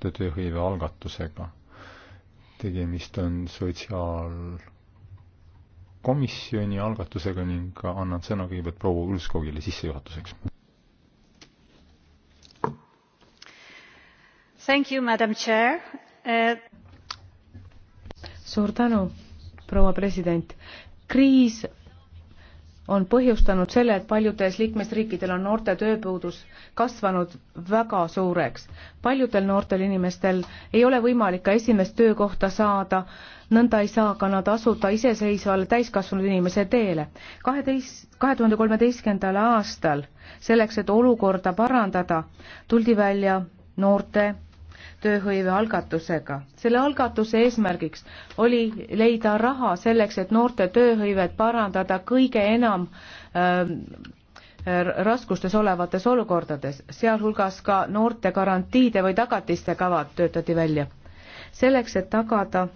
noorte tööhõive algatusega. tegemist on sotsiaalkomisjoni algatusega ning annan sõna kõigepealt proua Ulskogile sissejuhatuseks. Thank you, madam chair uh.... suur tänu, proua president. kriis on põhjustanud selle, et paljudes liikmesriikidel on noorte tööpuudus kasvanud väga suureks. paljudel noortel inimestel ei ole võimalik ka esimest töökohta saada, nõnda ei saa ka nad asuda iseseisvale täiskasvanud inimese teele. kaheteist, kahe tuhande kolmeteistkümnendal aastal selleks, et olukorda parandada, tuldi välja noorte tööhõive algatusega. selle algatuse eesmärgiks oli leida raha selleks, et noorte tööhõivet parandada kõige enam ähm, äh, raskustes olevates olukordades, sealhulgas ka noorte garantiide või tagatiste kavad töötati välja. selleks, et tagada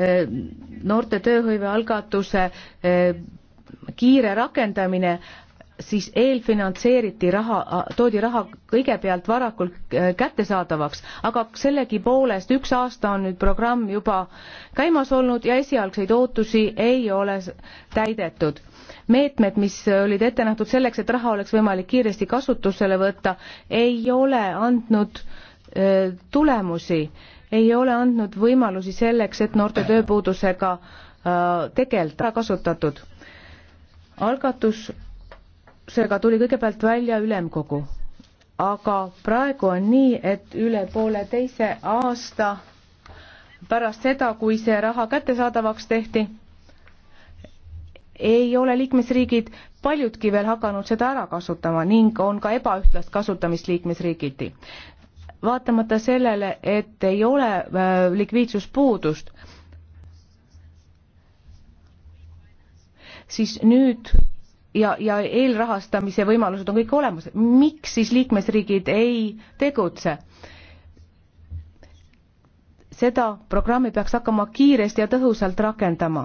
äh, noorte tööhõive algatuse äh, kiire rakendamine siis eelfinantseeriti raha, toodi raha kõigepealt varakult äh, kättesaadavaks, aga sellegipoolest üks aasta on nüüd programm juba käimas olnud ja esialgseid ootusi ei ole täidetud. meetmed, mis olid ette nähtud selleks, et raha oleks võimalik kiiresti kasutusele võtta, ei ole andnud äh, tulemusi, ei ole andnud võimalusi selleks, et noorte tööpuudusega äh, tegeleda, ära kasutatud. algatus seega tuli kõigepealt välja ülemkogu, aga praegu on nii, et üle pooleteise aasta pärast seda, kui see raha kättesaadavaks tehti, ei ole liikmesriigid paljudki veel hakanud seda ära kasutama ning on ka ebaühtlast kasutamist liikmesriigiti. vaatamata sellele, et ei ole äh, likviidsuspuudust, siis nüüd ja, ja eelrahastamise võimalused on kõik olemas, miks siis liikmesriigid ei tegutse? seda programmi peaks hakkama kiiresti ja tõhusalt rakendama.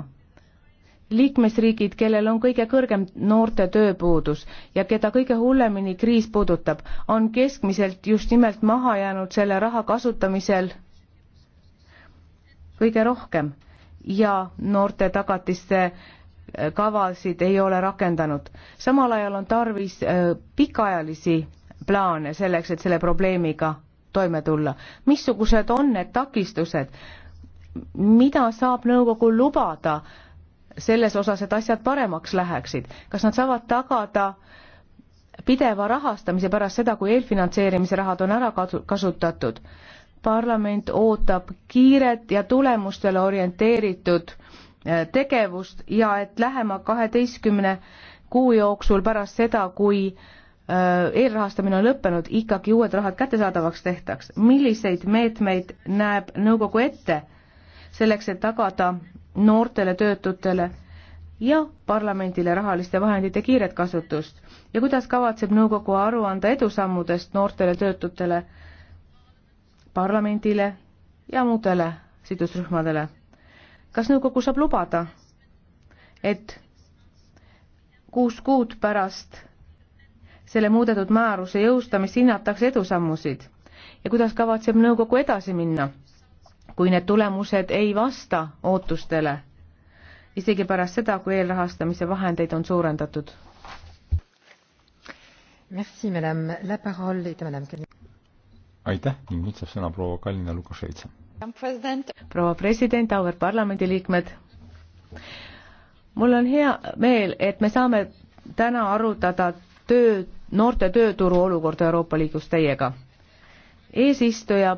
liikmesriigid, kellel on kõige kõrgem noorte tööpuudus ja keda kõige hullemini kriis puudutab, on keskmiselt just nimelt maha jäänud selle raha kasutamisel kõige rohkem ja noorte tagatiste äh, kavasid ei ole rakendanud. samal ajal on tarvis äh, pikaajalisi plaane selleks, et selle probleemiga toime tulla. missugused on need takistused? mida saab nõukogu lubada selles osas, et asjad paremaks läheksid, kas nad saavad tagada pideva rahastamise pärast seda, kui eelfinantseerimise rahad on ära kasutatud. parlament ootab kiiret ja tulemustele orienteeritud Äh, tegevust ja et lähema kaheteistkümne kuu jooksul pärast seda, kui äh, eelrahastamine on lõppenud, ikkagi uued rahad kättesaadavaks tehtaks. milliseid meetmeid näeb nõukogu ette selleks, et tagada noortele töötutele ja parlamendile rahaliste vahendite kiiret kasutust ja kuidas kavatseb nõukogu aru anda edusammudest noortele töötutele, parlamendile ja muudele sidusrühmadele? kas nõukogu saab lubada, et kuus kuud pärast selle muudetud määruse jõustamist hinnatakse edusammusid ja kuidas kavatseb nõukogu edasi minna, kui need tulemused ei vasta ootustele, isegi pärast seda, kui eelrahastamise vahendeid on suurendatud? aitäh ning nüüd saab sõna proua Kalina Lukaševitsa proua president, auväärt parlamendiliikmed. mul on hea meel, et me saame täna arutada töö, noorte tööturu olukorda Euroopa Liidus teiega. eesistuja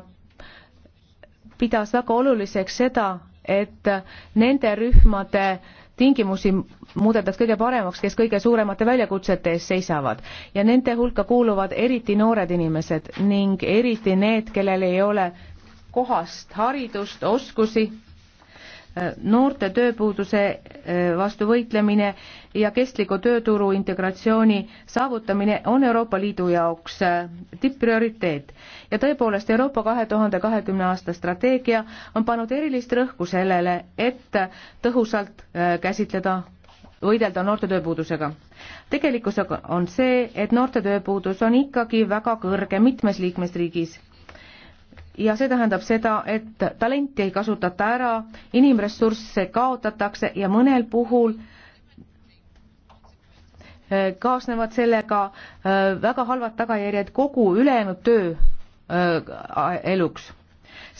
pidas väga oluliseks seda, et nende rühmade tingimusi muudetaks kõige paremaks, kes kõige suuremate väljakutsete ees seisavad ja nende hulka kuuluvad eriti noored inimesed ning eriti need, kellel ei ole kohast haridust, oskusi, äh, noorte tööpuuduse äh, vastu võitlemine ja kestliku tööturu integratsiooni saavutamine on Euroopa Liidu jaoks äh, tipp-prioriteet. ja tõepoolest, Euroopa kahe tuhande kahekümne aasta strateegia on pannud erilist rõhku sellele, et tõhusalt käsitleda võidelda noorte tööpuudusega. tegelikkus on see, et noorte tööpuudus on ikkagi väga kõrge mitmes liikmesriigis ja see tähendab seda, et talenti ei kasutata ära, inimressursse kaotatakse ja mõnel puhul äh, kaasnevad sellega äh, väga halvad tagajärjed kogu ülejäänud töö äh, eluks.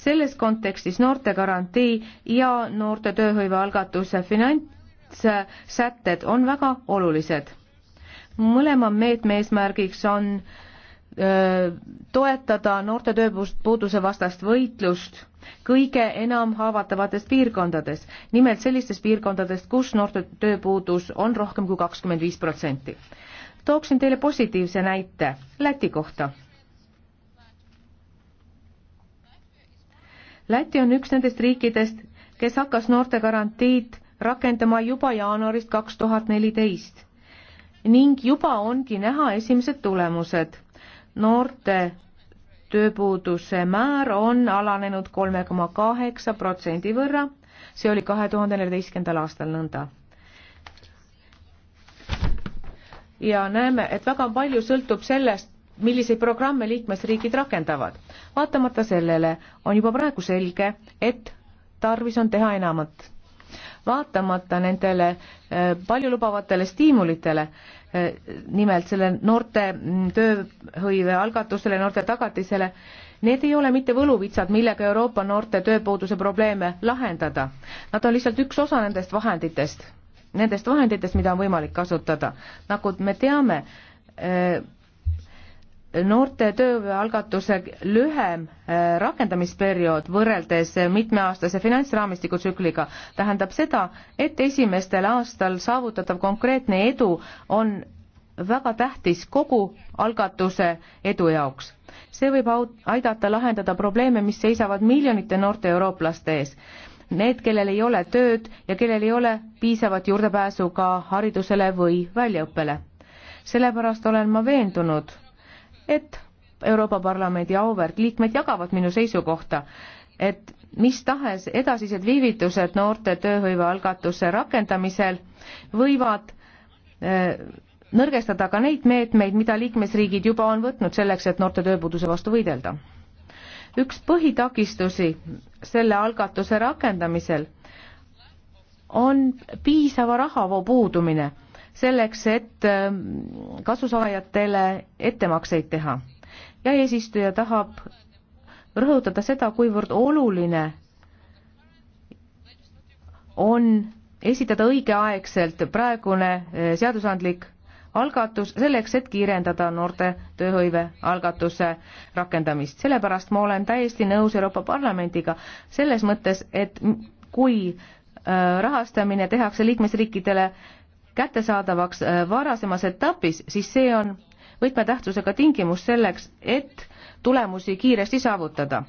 selles kontekstis noortegarantii ja noorte tööhõivealgatuse finantssätted on väga olulised. mõlema meetme eesmärgiks on äh, toetada noorte tööpuuduse vastast võitlust kõige enam haavatavates piirkondades, nimelt sellistes piirkondades, kus noorte tööpuudus on rohkem kui kakskümmend viis protsenti. tooksin teile positiivse näite Läti kohta. Läti on üks nendest riikidest, kes hakkas noortegarantiid rakendama juba jaanuarist kaks tuhat neliteist ning juba ongi näha esimesed tulemused noorte tööpuuduse määr on alanenud kolme koma kaheksa protsendi võrra, see oli kahe tuhande neljateistkümnendal aastal nõnda. ja näeme, et väga palju sõltub sellest, milliseid programme liikmesriigid rakendavad. vaatamata sellele on juba praegu selge, et tarvis on teha enamat. vaatamata nendele eh, paljulubavatele stiimulitele nimelt selle noorte tööhõive algatusele, noorte tagatisele, need ei ole mitte võluvitsad, millega Euroopa noorte tööpuuduse probleeme lahendada. Nad on lihtsalt üks osa nendest vahenditest, nendest vahenditest, mida on võimalik kasutada. nagu me teame, noorte tööalgatuse lühem äh, rakendamisperiood võrreldes äh, mitmeaastase finantsraamistiku tsükliga tähendab seda, et esimestel aastal saavutatav konkreetne edu on väga tähtis kogu algatuse edu jaoks. see võib aidata lahendada probleeme, mis seisavad miljonite noorte eurooplaste ees. Need, kellel ei ole tööd ja kellel ei ole piisavat juurdepääsu ka haridusele või väljaõppele. sellepärast olen ma veendunud et Euroopa Parlamendi auväärt liikmed jagavad minu seisukohta, et mis tahes edasised viivitused noorte tööhõivealgatuse rakendamisel võivad eh, nõrgestada ka neid meetmeid, mida liikmesriigid juba on võtnud selleks, et noorte tööpuuduse vastu võidelda. üks põhitakistusi selle algatuse rakendamisel on piisava rahavoo puudumine selleks, et ähm, kasusaajatele ettemakseid teha. ja eesistuja tahab rõhutada seda, kuivõrd oluline on esitada õigeaegselt praegune äh, seadusandlik algatus selleks, et kiirendada noorte tööhõive algatuse rakendamist. sellepärast ma olen täiesti nõus Euroopa Parlamendiga selles mõttes, et kui äh, rahastamine tehakse liikmesriikidele kättesaadavaks äh, varasemas etapis, siis see on võtmetähtsusega tingimus selleks, et tulemusi kiiresti saavutada.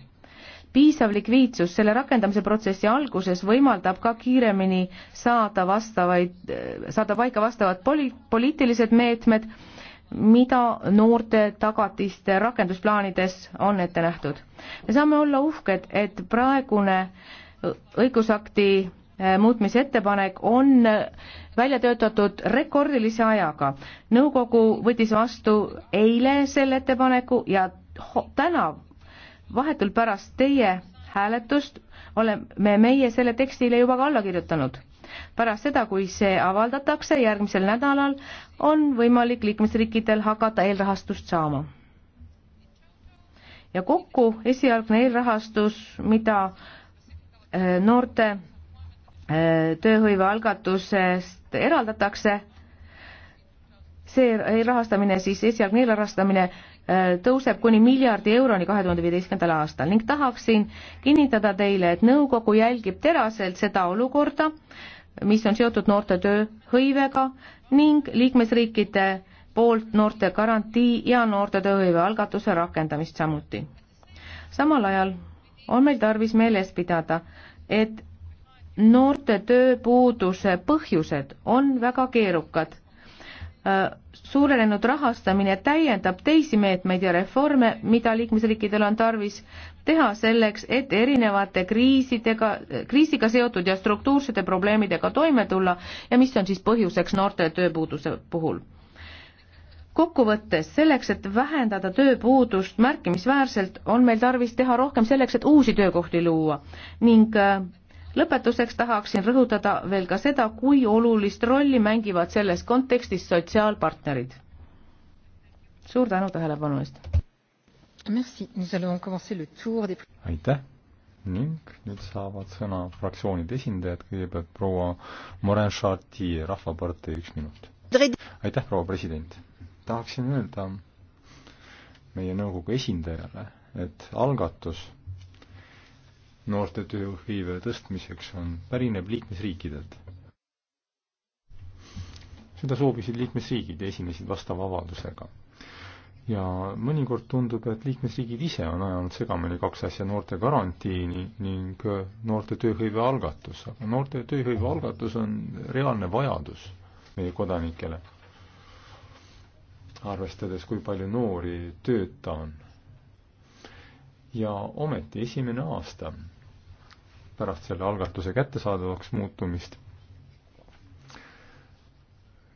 piisav likviidsus selle rakendamise protsessi alguses võimaldab ka kiiremini saada vastavaid, äh, saada paika vastavad poli-, poliitilised meetmed, mida noorte tagatiste rakendusplaanides on ette nähtud. me saame olla uhked, et praegune õigusakti Äh, muutmise ettepanek on äh, välja töötatud rekordilise ajaga. nõukogu võttis vastu eile selle ettepaneku ja täna vahetult pärast teie hääletust oleme meie selle tekstile juba ka alla kirjutanud. pärast seda, kui see avaldatakse järgmisel nädalal, on võimalik liikmesriikidel hakata eelrahastust saama. ja kokku esialgne eelrahastus, mida äh, noorte tööhõive algatusest eraldatakse. see rahastamine siis, esialgne eelarvestamine äh, tõuseb kuni miljardi euroni kahe tuhande viieteistkümnendal aastal ning tahaksin kinnitada teile, et nõukogu jälgib teraselt seda olukorda, mis on seotud noorte tööhõivega ning liikmesriikide poolt noorte garantii ja noorte tööhõive algatuse rakendamist samuti. samal ajal on meil tarvis meeles pidada, et noorte tööpuuduse põhjused on väga keerukad. Äh, suurenenud rahastamine täiendab teisi meetmeid ja reforme, mida liikmesriikidel on tarvis teha selleks, et erinevate kriisidega, kriisiga seotud ja struktuursete probleemidega toime tulla ja mis on siis põhjuseks noorte tööpuuduse puhul kokkuvõttes selleks, et vähendada tööpuudust märkimisväärselt, on meil tarvis teha rohkem selleks, et uusi töökohti luua ning äh, lõpetuseks tahaksin rõhutada veel ka seda, kui olulist rolli mängivad selles kontekstis sotsiaalpartnerid. suur tänu tähelepanu eest! aitäh ning nüüd saavad sõna fraktsioonide esindajad, kõigepealt proua Morin Chartier, Rahvapartei, üks minut. aitäh, proua president! tahaksin öelda meie nõukogu esindajale, et algatus noorte tööhõive tõstmiseks on, pärineb liikmesriikidelt. seda soovisid liikmesriigid ja esinesid vastava avaldusega. ja mõnikord tundub, et liikmesriigid ise on ajanud segamini kaks asja, noorte karantiini ning noorte tööhõive algatus, aga noorte tööhõive algatus on reaalne vajadus meie kodanikele. arvestades, kui palju noori tööta on. ja ometi esimene aasta pärast selle algatuse kättesaadavaks muutumist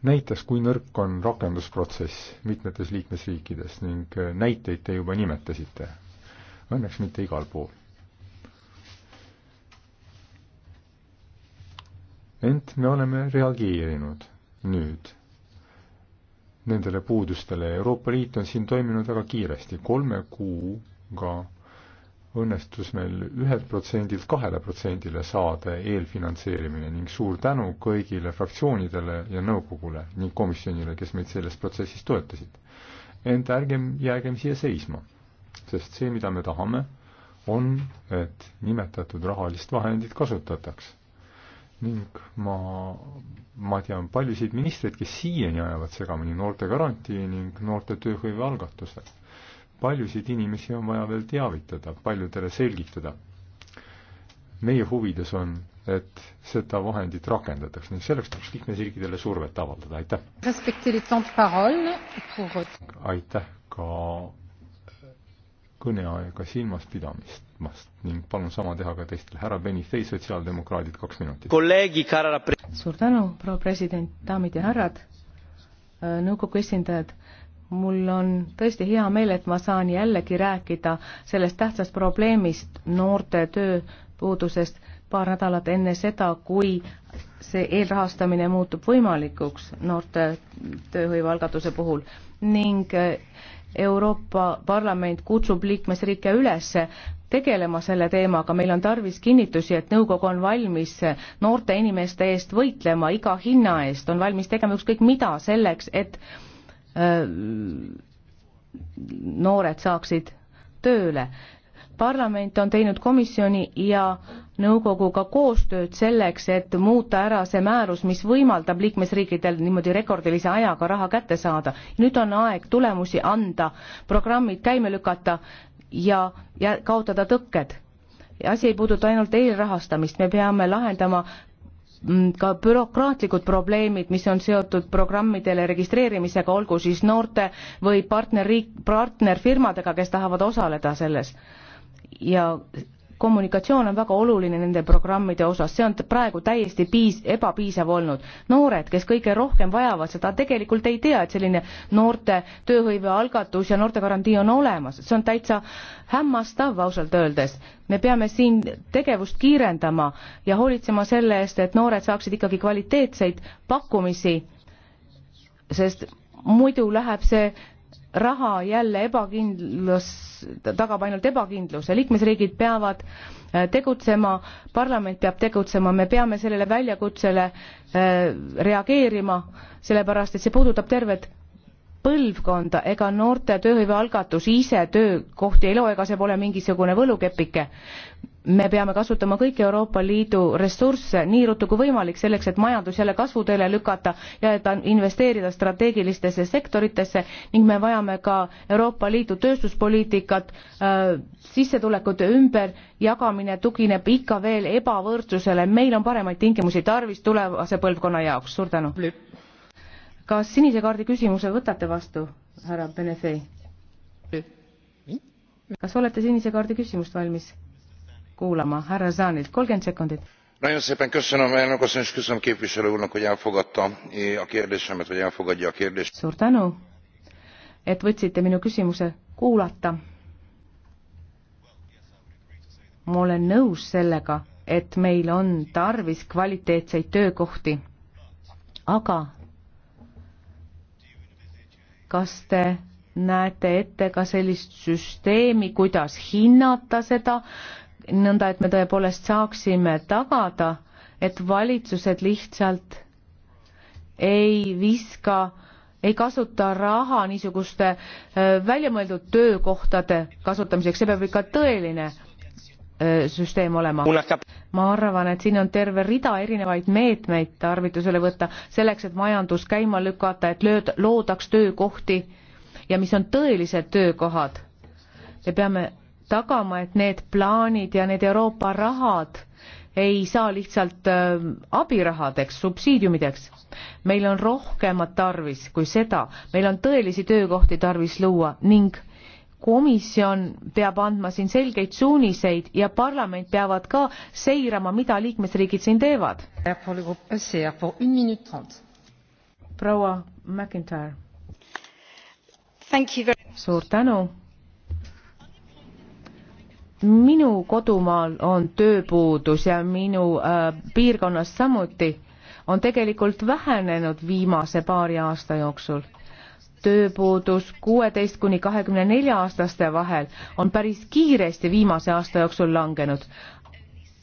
näitas, kui nõrk on rakendusprotsess mitmetes liikmesriikides ning äh, näiteid te juba nimetasite. Õnneks mitte igal pool. ent me oleme reageerinud nüüd nendele puudustele ja Euroopa Liit on siin toiminud väga kiiresti, kolme kuuga õnnestus meil ühelt protsendilt kahele protsendile saada eelfinantseerimine ning suur tänu kõigile fraktsioonidele ja nõukogule ning komisjonile, kes meid selles protsessis toetasid. ent ärgem jäägem siia seisma, sest see, mida me tahame, on, et nimetatud rahalist vahendit kasutataks. ning ma, ma tean paljusid ministreid, kes siiani ajavad segamini noortegarantii ning noorte tööhõive algatuse paljusid inimesi on vaja veel teavitada, paljudele selgitada. meie huvides on, et seda vahendit rakendataks ning selleks tuleks liikmesriikidele survet avaldada, aitäh. aitäh ka kõneaega silmas pidamast ning palun sama teha ka teistel. härra Benifei, sotsiaaldemokraadid, kaks minutit. suur tänu, proua president, daamid ja härrad, nõukogu esindajad mul on tõesti hea meel, et ma saan jällegi rääkida sellest tähtsast probleemist, noorte tööpuudusest, paar nädalat enne seda, kui see eelrahastamine muutub võimalikuks noorte tööhõivealgatuse puhul ning eh, Euroopa Parlament kutsub liikmesriike üles tegelema selle teemaga, meil on tarvis kinnitusi, et nõukogu on valmis noorte inimeste eest võitlema iga hinna eest, on valmis tegema ükskõik mida selleks, et Äh, noored saaksid tööle. parlament on teinud komisjoni ja nõukoguga koostööd selleks, et muuta ära see määrus, mis võimaldab liikmesriikidel niimoodi rekordilise ajaga raha kätte saada. nüüd on aeg tulemusi anda, programmid käima lükata ja, ja kaotada tõkked asi ei puuduta ainult eelrahastamist, me peame lahendama Mm, ka bürokraatlikud probleemid, mis on seotud programmidele registreerimisega, olgu siis noorte või partnerriik, partnerfirmadega, kes tahavad osaleda selles. ja kommunikatsioon on väga oluline nende programmide osas, see on praegu täiesti piis-, ebapiisav olnud. noored, kes kõige rohkem vajavad seda, tegelikult ei tea, et selline noorte tööhõivealgatus ja noortegarantii on olemas, see on täitsa hämmastav ausalt öeldes. me peame siin tegevust kiirendama ja hoolitsema selle eest, et noored saaksid ikkagi kvaliteetseid pakkumisi, sest muidu läheb see raha jälle ebakindlus, tagab ainult ebakindluse, liikmesriigid peavad äh, tegutsema, parlament peab tegutsema, me peame sellele väljakutsele äh, reageerima, sellepärast et see puudutab tervet põlvkonda ega noorte tööhõivealgatus ise töökohti ei loo, ega see pole mingisugune võlukepike me peame kasutama kõiki Euroopa Liidu ressursse nii ruttu kui võimalik selleks, et majandus jälle kasvuteele lükata ja et investeerida strateegilistesse sektoritesse ning me vajame ka Euroopa Liidu tööstuspoliitikat, äh, sissetulekute ümberjagamine tugineb ikka veel ebavõrdsusele, meil on paremaid tingimusi tarvis tulevase põlvkonna jaoks, suur tänu. kas sinise kaardi küsimuse võtate vastu, härra Benefei? kas olete sinise kaardi küsimust valmis? kuulama härra Zanilt, kolmkümmend sekundit. Nagyon szépen köszönöm, elnök asszony, és köszönöm képviselő úrnak, hogy elfogadta a kérdésemet, vagy elfogadja a kérdést. Suur tänu, et võtsite minu küsimuse kuulata. ma olen nõus sellega, et meil on tarvis kvaliteetseid töökohti, aga kas te näete ette ka sellist süsteemi, kuidas hinnata seda nõnda et me tõepoolest saaksime tagada, et valitsused lihtsalt ei viska, ei kasuta raha niisuguste väljamõeldud töökohtade kasutamiseks, see peab ikka tõeline süsteem olema. ma arvan, et siin on terve rida erinevaid meetmeid tarvitusele võtta selleks, et majandus käima lükata, et lööd, loodaks töökohti ja mis on tõelised töökohad. me peame tagama, et need plaanid ja need Euroopa rahad ei saa lihtsalt äh, abirahadeks, subsiidiumideks. meil on rohkemat tarvis kui seda, meil on tõelisi töökohti tarvis luua ning komisjon peab andma siin selgeid suuniseid ja parlament peavad ka seirama, mida liikmesriigid siin teevad. proua McIntyre. suur tänu minu kodumaal on tööpuudus ja minu äh, piirkonnas samuti on tegelikult vähenenud viimase paari aasta jooksul. tööpuudus kuueteist kuni kahekümne nelja aastaste vahel on päris kiiresti viimase aasta jooksul langenud,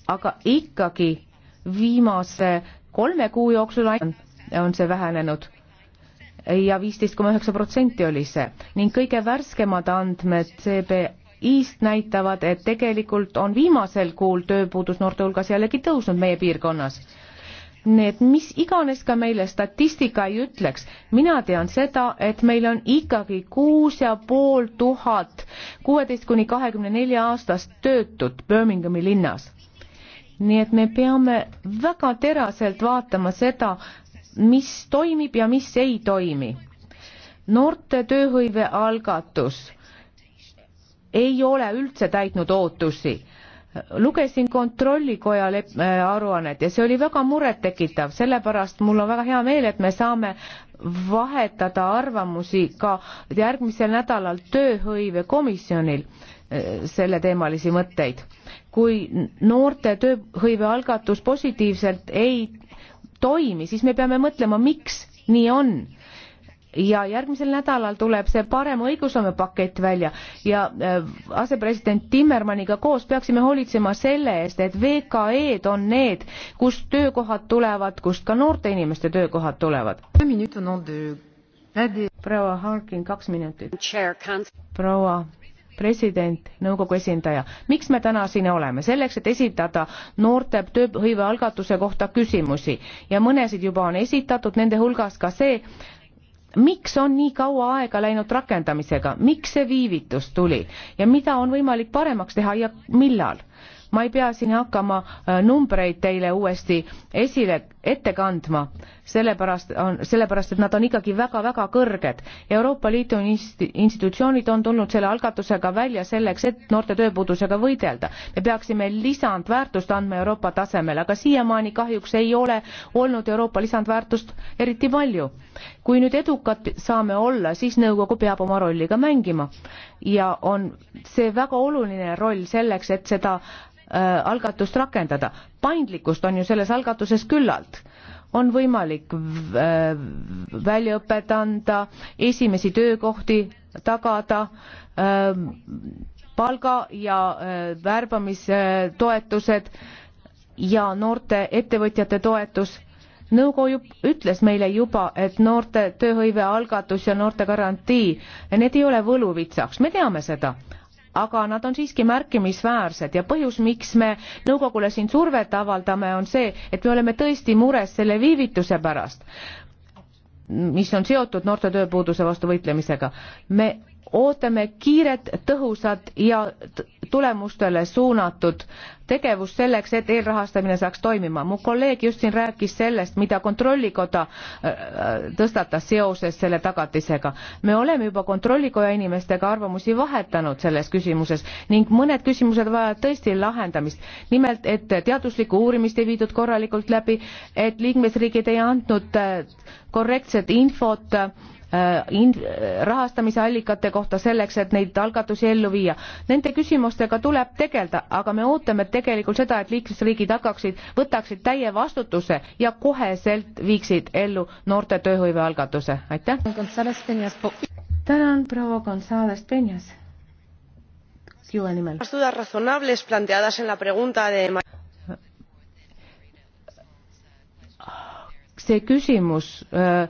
aga ikkagi viimase kolme kuu jooksul on see vähenenud ja viisteist koma üheksa protsenti oli see ning kõige värskemad andmed CB East näitavad, et tegelikult on viimasel kuul tööpuudus noorte hulgas jällegi tõusnud meie piirkonnas. nii et mis iganes ka meile statistika ei ütleks, mina tean seda, et meil on ikkagi kuus ja pool tuhat kuueteist kuni kahekümne nelja aastast töötut Birminghami linnas. nii et me peame väga teraselt vaatama seda, mis toimib ja mis ei toimi. noorte tööhõive algatus ei ole üldse täitnud ootusi lugesin kontrollikoja äh, aruannet ja see oli väga murettekitav, sellepärast mul on väga hea meel, et me saame vahetada arvamusi ka järgmisel nädalal tööhõivekomisjonil äh, selleteemalisi mõtteid. kui noorte tööhõive algatus positiivselt ei toimi, siis me peame mõtlema, miks nii on ja järgmisel nädalal tuleb see parem õigusloome pakett välja ja äh, asepresident Timmermaniga koos peaksime hoolitsema selle eest, et VKE-d on need, kust töökohad tulevad, kust ka noorte inimeste töökohad tulevad. proua Harkin, kaks minutit. proua president, nõukogu esindaja, miks me täna siin oleme? selleks, et esitada noorte tööhõive algatuse kohta küsimusi ja mõnesid juba on esitatud, nende hulgas ka see, miks on nii kaua aega läinud rakendamisega, miks see viivitus tuli ja mida on võimalik paremaks teha ja millal? ma ei pea siin hakkama äh, numbreid teile uuesti esile ette kandma, sellepärast on, sellepärast et nad on ikkagi väga-väga kõrged. Euroopa Liidu institutsioonid on tulnud selle algatusega välja selleks, et noorte tööpuudusega võidelda. me peaksime lisandväärtust andma Euroopa tasemel, aga siiamaani kahjuks ei ole olnud Euroopa lisandväärtust eriti palju. kui nüüd edukad saame olla, siis nõukogu peab oma rolli ka mängima ja on see väga oluline roll selleks, et seda äh, algatust rakendada. paindlikkust on ju selles algatuses küllalt on võimalik äh, väljaõpet anda, esimesi töökohti tagada, ähm, palga ja äh, värbamistoetused ja noorte ettevõtjate toetus nõukogu ütles meile juba, et noorte tööhõive algatus ja noorte garantii, need ei ole võluvitsaks, me teame seda, aga nad on siiski märkimisväärsed ja põhjus, miks me nõukogule siin survet avaldame, on see, et me oleme tõesti mures selle viivituse pärast mis on seotud noorte tööpuuduse vastu võitlemisega. me ootame kiiret, tõhusat ja tulemustele suunatud tegevust selleks, et eelrahastamine saaks toimima. mu kolleeg just siin rääkis sellest, mida Kontrollikoda äh, äh, tõstatas seoses selle tagatisega. me oleme juba Kontrollikoja inimestega arvamusi vahetanud selles küsimuses ning mõned küsimused vajavad tõesti lahendamist. nimelt, et teaduslikku uurimist ei viidud korralikult läbi, et liikmesriigid ei andnud äh, korrektset infot Äh, rahastamisallikate kohta selleks, et neid algatusi ellu viia. Nende küsimustega tuleb tegeleda, aga me ootame tegelikult seda, et liikmesriigid hakkaksid, võtaksid täie vastutuse ja koheselt viiksid ellu noorte tööhõive algatuse. aitäh. tänan, proua Gonzales Penjas. Kiue nimel. see küsimus äh,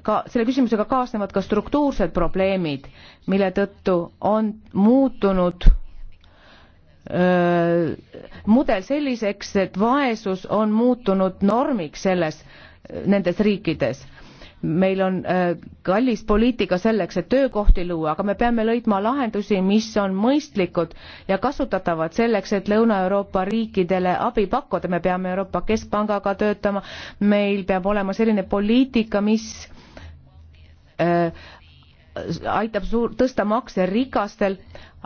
ka selle küsimusega kaasnevad ka struktuursed probleemid, mille tõttu on muutunud öö, mudel selliseks, et vaesus on muutunud normiks selles, nendes riikides. meil on öö, kallis poliitika selleks, et töökohti luua, aga me peame leidma lahendusi, mis on mõistlikud ja kasutatavad selleks, et Lõuna-Euroopa riikidele abi pakkuda. me peame Euroopa Keskpangaga töötama, meil peab olema selline poliitika, mis Äh, aitab suur, tõsta makse rikastel,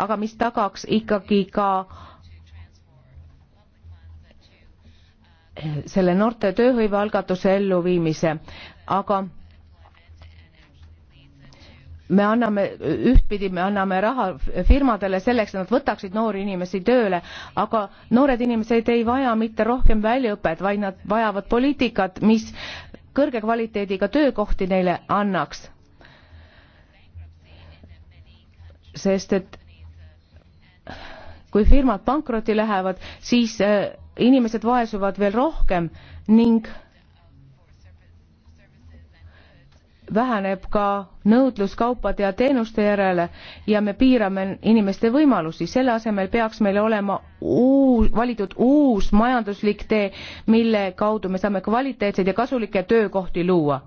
aga mis tagaks ikkagi ka äh, selle noorte tööhõive algatuse elluviimise, aga me anname ühtpidi me anname raha firmadele selleks et nad võtaksid noori inimesi tööle aga noored inimesed ei vaja mitte rohkem väljaõpet vaid nad vajavad poliitikat mis kõrge kvaliteediga töökohti neile annaks sest et kui firmad pankrotti lähevad, siis äh, inimesed vaesuvad veel rohkem ning väheneb ka nõudlus kaupade ja teenuste järele ja me piirame inimeste võimalusi. selle asemel peaks meil olema uus, valitud uus majanduslik tee, mille kaudu me saame kvaliteetseid ja kasulikke töökohti luua.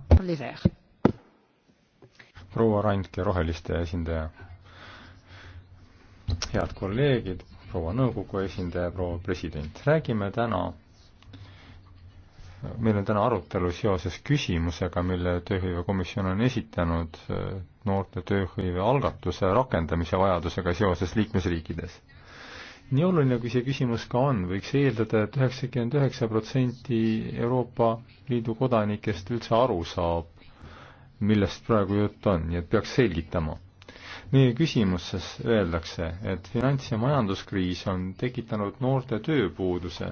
proua Randke, Roheliste esindaja head kolleegid, proua nõukogu esindaja, proua president, räägime täna, meil on täna arutelu seoses küsimusega, mille Tööhõivekomisjon on esitanud eh, noorte tööhõive algatuse rakendamise vajadusega seoses liikmesriikides. nii oluline, kui see küsimus ka on, võiks eeldada et, et üheksakümmend üheksa protsenti Euroopa Liidu kodanikest üldse aru saab, millest praegu jutt on, nii et peaks selgitama meie küsimuses öeldakse, et finants- ja majanduskriis on tekitanud noorte tööpuuduse,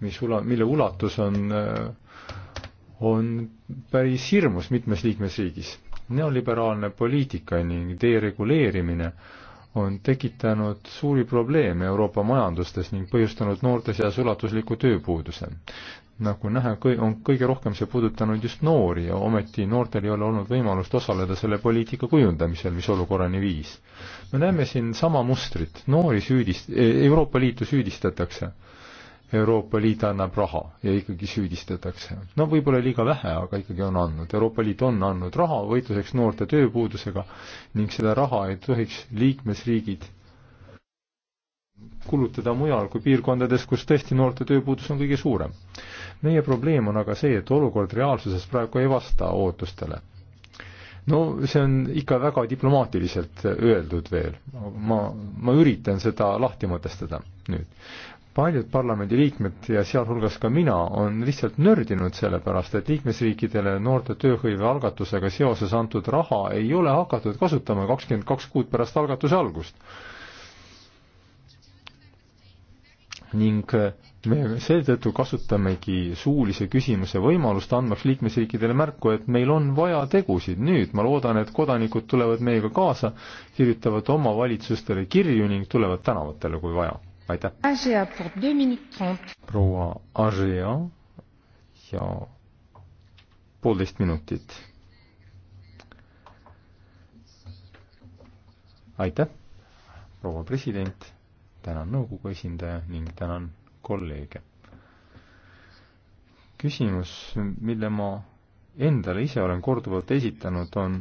mis ula-, mille ulatus on, äh, on päris hirmus mitmes liikmesriigis. neoliberaalne poliitika ning dereguleerimine on tekitanud suuri probleeme Euroopa majandustes ning põhjustanud noorte seas ulatusliku tööpuuduse nagu näha, on kõige rohkem see puudutanud just noori ja ometi noortel ei ole olnud võimalust osaleda selle poliitika kujundamisel, mis olukorrani viis. me näeme siin sama mustrit, noori süüdist-, e, Euroopa Liitu süüdistatakse. Euroopa Liit annab raha ja ikkagi süüdistatakse. no võib-olla liiga vähe, aga ikkagi on andnud. Euroopa Liit on andnud raha võitluseks noorte tööpuudusega ning seda raha ei tohiks liikmesriigid kulutada mujal kui piirkondades, kus tõesti noorte tööpuudus on kõige suurem. meie probleem on aga see, et olukord reaalsuses praegu ei vasta ootustele. no see on ikka väga diplomaatiliselt öeldud veel, ma, ma üritan seda lahti mõtestada nüüd. paljud parlamendiliikmed ja sealhulgas ka mina on lihtsalt nördinud sellepärast, et liikmesriikidele noorte tööhõive algatusega seoses antud raha ei ole hakatud kasutama kakskümmend kaks kuud pärast algatuse algust ning eh, me seetõttu kasutamegi suulise küsimuse võimalust, andmaks liikmesriikidele märku, et meil on vaja tegusid nüüd. ma loodan, et kodanikud tulevad meiega kaasa, kirjutavad oma valitsustele kirju ning tulevad tänavatele, kui vaja. aitäh. proua Ažea ja poolteist minutit. aitäh, proua president tänan nõukogu esindaja ning tänan kolleege. küsimus, mille ma endale ise olen korduvalt esitanud, on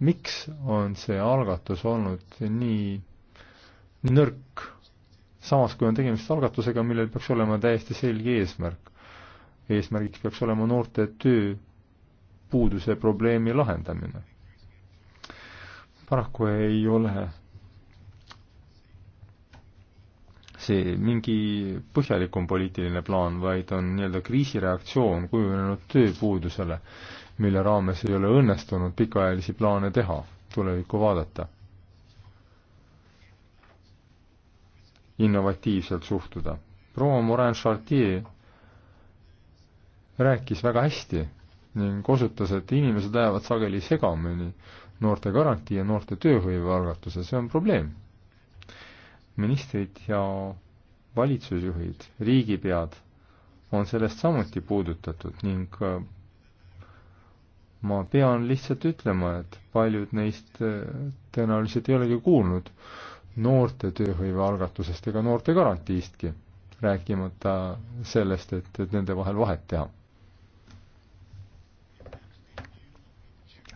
miks on see algatus olnud nii, nii nõrk, samas kui on tegemist algatusega, millel peaks olema täiesti selge eesmärk. eesmärgiks peaks olema noorte tööpuuduse probleemi lahendamine. paraku ei ole see mingi põhjalikum poliitiline plaan, vaid on nii-öelda kriisireaktsioon kujunenud tööpuudusele, mille raames ei ole õnnestunud pikaajalisi plaane teha, tulevikku vaadata. innovatiivselt suhtuda. proua Morin Chartier rääkis väga hästi ning osutas, et inimesed ajavad sageli segamini noorte garantii ja noorte tööhõive algatuse, see on probleem ministrid ja valitsusjuhid, riigipead on sellest samuti puudutatud ning ma pean lihtsalt ütlema, et paljud neist äh, tõenäoliselt ei olegi kuulnud noorte tööhõivealgatusest ega noorte garantiistki, rääkimata sellest, et, et nende vahel vahet teha.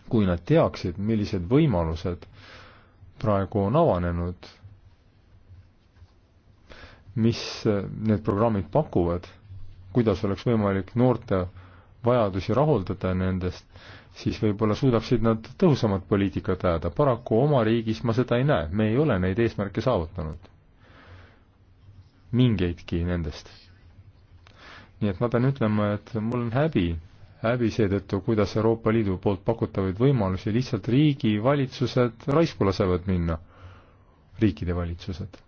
kui nad teaksid, millised võimalused praegu on avanenud mis eh, need programmid pakuvad, kuidas oleks võimalik noorte vajadusi rahuldada nendest, siis võib-olla suudaksid nad tõhusamat poliitikat ajada. paraku oma riigis ma seda ei näe, me ei ole neid eesmärke saavutanud. mingeidki nendest. nii et ma pean ütlema, et mul on häbi, häbi seetõttu, kuidas Euroopa Liidu poolt pakutavaid võimalusi lihtsalt riigi valitsused raisku lasevad minna, riikide valitsused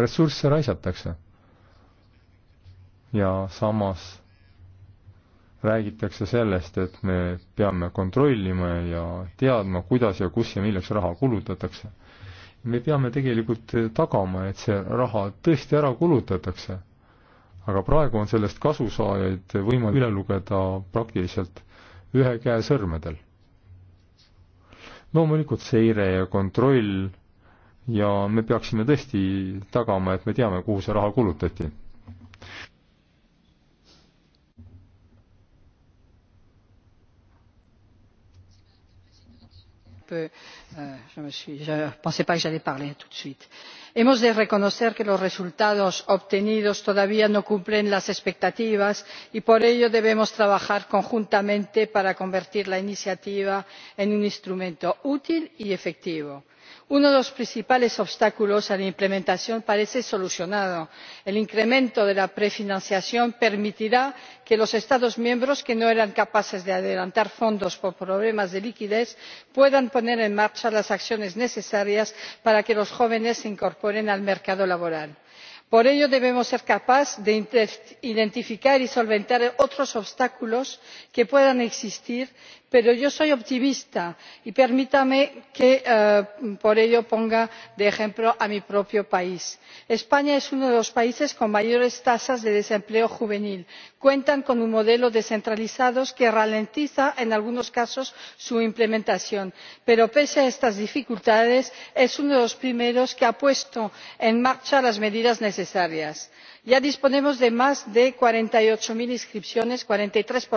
ressursse raisatakse. ja samas räägitakse sellest, et me peame kontrollima ja teadma, kuidas ja kus ja milleks raha kulutatakse. me peame tegelikult tagama, et see raha tõesti ära kulutatakse. aga praegu on sellest kasusaajaid võimalik üle lugeda praktiliselt ühe käe sõrmedel loomulikult seire ja kontroll ja me peaksime tõesti tagama, et me teame, kuhu see raha kulutati. Euh, je ne pensais pas que j'allais parler tout de suite. hemos de reconocer que los resultados obtenidos todavía no cumplen las expectativas y por ello debemos trabajar conjuntamente para convertir la iniciativa en un instrumento útil y efectivo uno de los principales obstáculos a la implementación parece solucionado el incremento de la prefinanciación permitirá que los estados miembros que no eran capaces de adelantar fondos por problemas de liquidez puedan poner en marcha las acciones necesarias para que los jóvenes se incorporen al mercado laboral. por ello debemos ser capaces de identificar y solventar otros obstáculos que puedan existir pero yo soy optimista y permítame que eh, por ello ponga de ejemplo a mi propio país. españa es uno de los países con mayores tasas de desempleo juvenil cuenta con un modelo descentralizado que ralentiza en algunos casos su implementación pero pese a estas dificultades es uno de los primeros que ha puesto en marcha las medidas necesarias ya disponemos de más de cuarenta y ocho cero inscripciones cuarenta y tres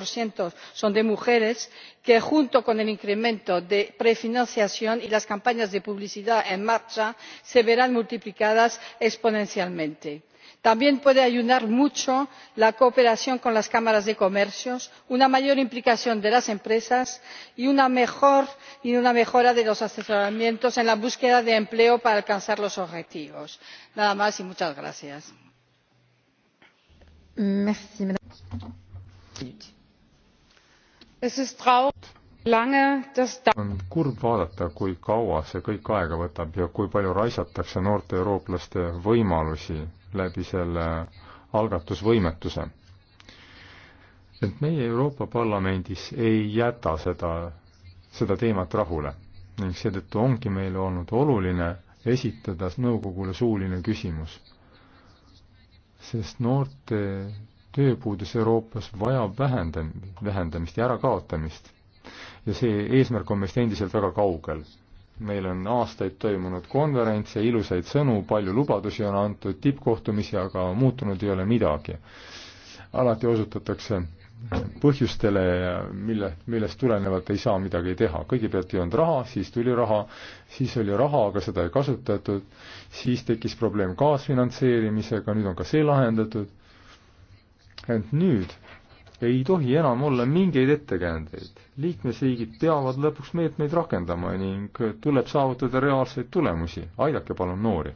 son de mujeres que junto con el incremento de prefinanciación y las campañas de publicidad en marcha se verán multiplicadas exponencialmente. también puede ayudar mucho la cooperación con las cámaras de comercio una mayor implicación de las empresas y una mejora de los asesoramientos en la búsqueda de empleo para alcanzar los objetivos. nada más y muchas gracias on kurb vaadata, kui kaua see kõik aega võtab ja kui palju raisatakse noorte eurooplaste võimalusi läbi selle algatusvõimetuse. et meie Euroopa Parlamendis ei jäta seda, seda teemat rahule ning seetõttu ongi meile olnud oluline esitada nõukogule suuline küsimus sest noorte tööpuudus Euroopas vajab vähendam-, vähendamist ja ärakaotamist. ja see eesmärk on meist endiselt väga kaugel. meil on aastaid toimunud konverentse, ilusaid sõnu, palju lubadusi on antud, tippkohtumisi, aga muutunud ei ole midagi. alati osutatakse põhjustele, mille, millest tulenevalt ei saa midagi teha. kõigepealt ei olnud raha, siis tuli raha, siis oli raha, aga seda ei kasutatud, siis tekkis probleem kaasfinantseerimisega, nüüd on ka see lahendatud. ent nüüd ei tohi enam olla mingeid ettekäändeid. liikmesriigid peavad lõpuks meetmeid rakendama ning tuleb saavutada reaalseid tulemusi. aidake palun noori.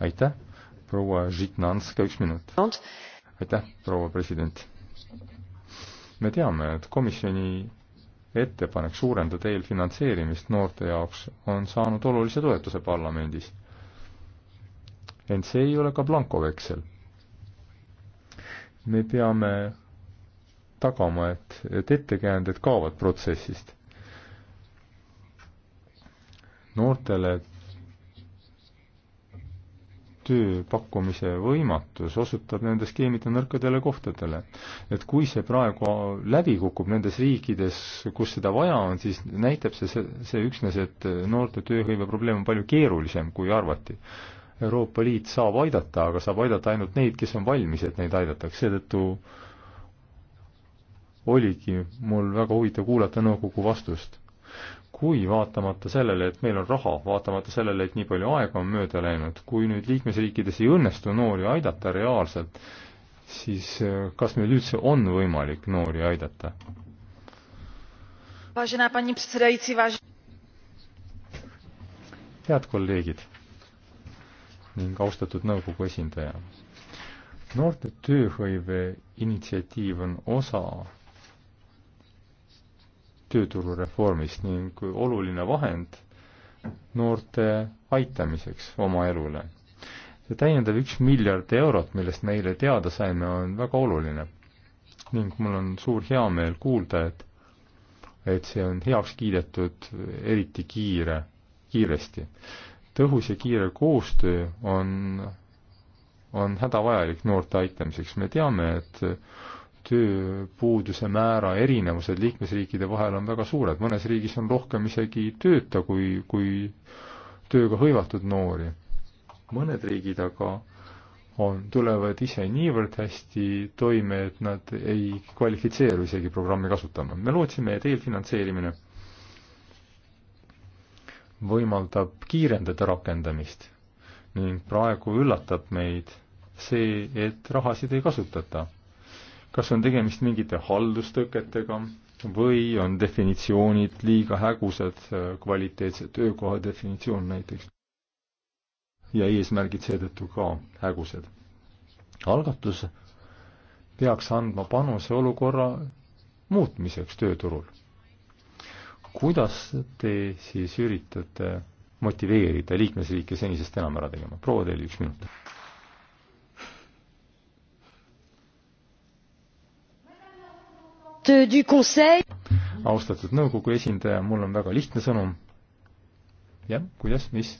aitäh, proua Žitnanska, üks minut aitäh, proua president. me teame, et komisjoni ettepanek suurendada eelfinantseerimist noorte jaoks on saanud olulise toetuse parlamendis. ent see ei ole ka blankoveksel. me peame tagama, et, et ettekäänded kaovad protsessist. noortele töö pakkumise võimatus osutab nende skeemide nõrkadele kohtadele. et kui see praegu läbi kukub nendes riikides, kus seda vaja on, siis näitab see, see, see üksnes, et noorte tööhõive probleem on palju keerulisem, kui arvati. Euroopa Liit saab aidata, aga saab aidata ainult neid, kes on valmis, et neid aidataks, seetõttu oligi mul väga huvitav kuulata nõukogu vastust kui vaatamata sellele, et meil on raha, vaatamata sellele, et nii palju aega on mööda läinud, kui nüüd liikmesriikides ei õnnestu noori aidata reaalselt, siis äh, kas meil üldse on võimalik noori aidata? head kolleegid ning austatud nõukogu esindaja, noorte tööhõive initsiatiiv on osa tööturureformist ning oluline vahend noorte aitamiseks oma elule. see täiendav üks miljard eurot, millest me eile teada saime, on väga oluline. ning mul on suur heameel kuulda, et et see on heaks kiidetud eriti kiire, kiiresti. tõhus ja kiire koostöö on, on hädavajalik noorte aitamiseks, me teame, et tööpuuduse määra erinevused liikmesriikide vahel on väga suured, mõnes riigis on rohkem isegi tööta kui, kui tööga hõivatud noori. mõned riigid aga on, tulevad ise niivõrd hästi toime, et nad ei kvalifitseeru isegi programmi kasutama. me lootsime, et eelfinantseerimine võimaldab kiirendada rakendamist ning praegu üllatab meid see, et rahasid ei kasutata kas on tegemist mingite haldustõketega või on definitsioonid liiga hägusad, äh, kvaliteetse töökoha definitsioon näiteks. ja eesmärgid seetõttu ka hägusad. algatus peaks andma panuse olukorra muutmiseks tööturul. kuidas te siis üritate motiveerida liikmesriike senisest enam ära tegema? proua teil üks minut austatud nõukogu esindaja, mul on väga lihtne sõnum. jah, kuidas, mis?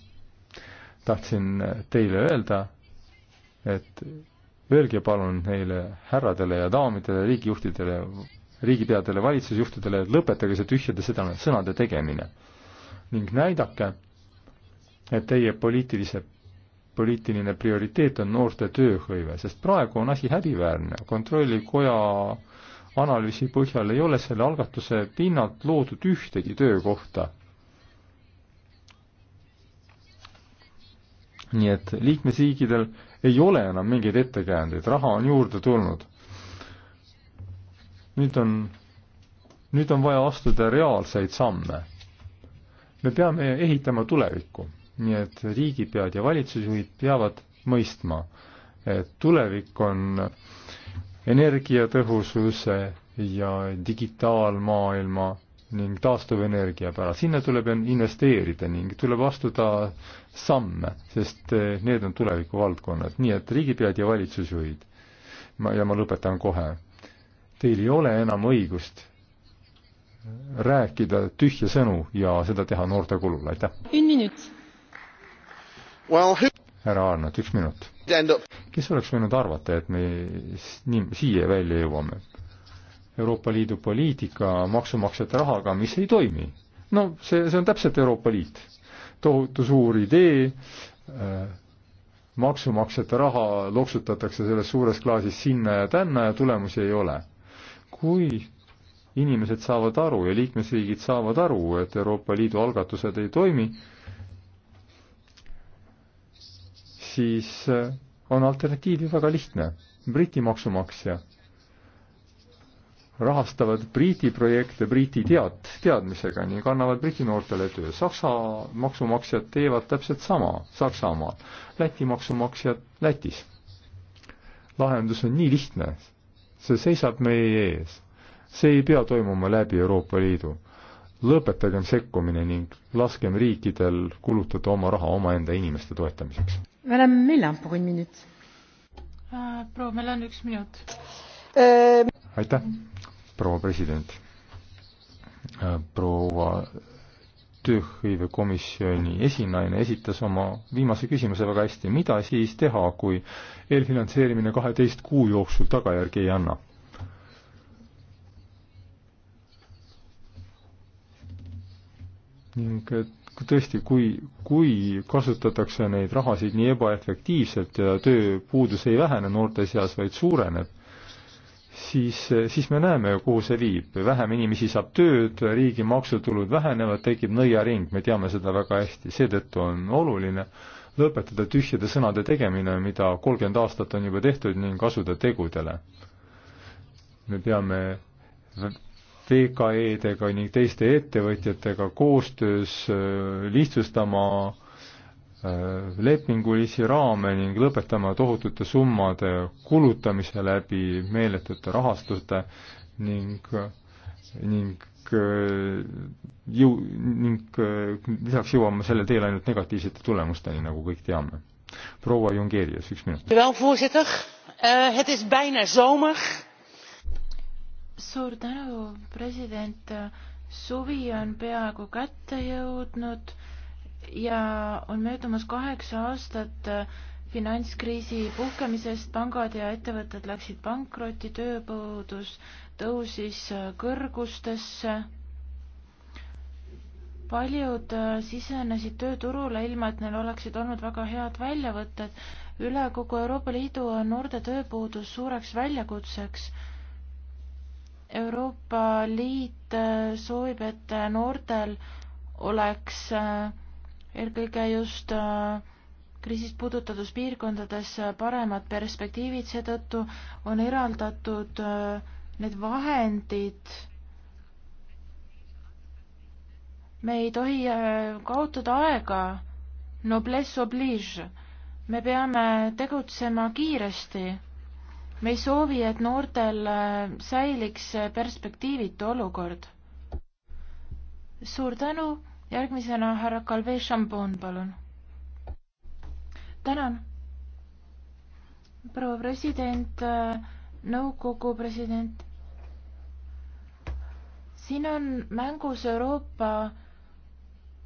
tahtsin teile öelda, et öelge palun neile härradele ja daamidele, riigijuhtidele, riigipeadele, valitsusjuhtidele, et lõpetage see tühjade sõnade tegemine ning näidake, et teie poliitilise poliitiline prioriteet on noorte tööhõive, sest praegu on asi häbiväärne. kontrollikoja analüüsi põhjal ei ole selle algatuse pinnalt loodud ühtegi töökohta. nii et liikmesriikidel ei ole enam mingeid ettekäändeid, raha on juurde tulnud. nüüd on, nüüd on vaja astuda reaalseid samme. me peame ehitama tulevikku, nii et riigipead ja valitsusjuhid peavad mõistma, et tulevik on äh, energiatõhususe ja digitaalmaailma ning taastuvenergia pärast. sinna tuleb investeerida ning tuleb astuda samme, sest eh, need on tuleviku valdkonnad, nii et riigipead ja valitsusjuhid, ma, ja ma lõpetan kohe, teil ei ole enam õigust rääkida tühje sõnu ja seda teha noorte kulul, aitäh! Well, härra Arnold, üks minut. kes oleks võinud arvata, et me nii, siia välja jõuame? Euroopa Liidu poliitika maksumaksjate rahaga, mis ei toimi. no see, see on täpselt Euroopa Liit. tohutu suur idee äh,, maksumaksjate raha loksutatakse selles suures klaasis sinna ja tänna ja tulemusi ei ole. kui inimesed saavad aru ja liikmesriigid saavad aru, et Euroopa Liidu algatused ei toimi, siis eh, on alternatiiv ju väga lihtne. Briti maksumaksja rahastavad Briti projekte Briti tead, teadmisega ning annavad Briti noortele töö. Saksa maksumaksjad teevad täpselt sama Saksamaal, Läti maksumaksjad Lätis. lahendus on nii lihtne, see seisab meie ees. see ei pea toimuma läbi Euroopa Liidu. lõpetagem sekkumine ning laskem riikidel kulutada oma raha omaenda inimeste toetamiseks. Ah, proua, meil on üks minut. Euh, aitäh, proua president. Äh, proua tööhõivekomisjoni esinaine esitas oma viimase küsimuse väga hästi, mida siis teha, kui eelfinantseerimine kaheteist kuu jooksul tagajärgi ei anna? ning et tõesti, kui, kui kasutatakse neid rahasid nii ebaefektiivselt ja tööpuudus ei vähene noorte seas, vaid suureneb, siis, siis me näeme ju, kuhu see viib. vähem inimesi saab tööd, riigi maksutulud vähenevad, tekib nõiaring, me teame seda väga hästi, seetõttu on oluline lõpetada tühjade sõnade tegemine, mida kolmkümmend aastat on juba tehtud ning asuda tegudele. me peame VKE-dega ning teiste ettevõtjatega koostöös äh, lihtsustama äh, lepingulisi raame ning lõpetama tohutute summade kulutamise läbi meeletute rahastute ning, ning äh, jõu-, ning lisaks jõuame sellel teel ainult negatiivsete tulemusteni, nagu kõik teame. proua Jungerius, üks minut. voorzitter, eh, het is bijna zomer suur tänu, president. suvi on peaaegu kätte jõudnud ja on möödumas kaheksa aastat finantskriisi puhkemisest. pangad ja ettevõtted läksid pankrotti, tööpuudus tõusis kõrgustesse. paljud sisenesid tööturule ilma, et neil oleksid olnud väga head väljavõtted. üle kogu Euroopa Liidu on noorte tööpuudus suureks väljakutseks Euroopa Liit äh, soovib, et äh, noortel oleks äh, eelkõige just kriisist puudutatud piirkondades paremad perspektiivid, seetõttu on eraldatud need vahendid. me ei tohi kaotada aega, noblesse oblige, me peame tegutsema kiiresti me ei soovi, et noortel äh, säiliks äh, perspektiivitu olukord. suur tänu, järgmisena härra Calvet Šambon, palun. tänan. proua president, äh, nõukogu president. siin on mängus Euroopa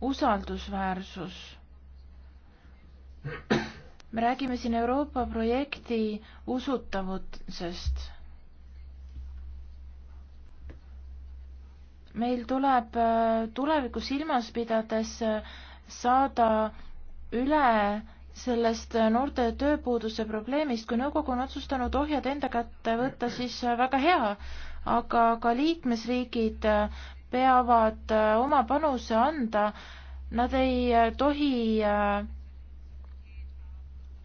usaldusväärsus me räägime siin Euroopa projekti usutavusest. meil tuleb äh, tulevikku silmas pidades äh, saada üle sellest äh, noorte tööpuuduse probleemist, kui nõukogu on otsustanud ohjad enda kätte võtta, siis väga hea, aga ka liikmesriigid peavad oma panuse anda, nad ei tohi äh,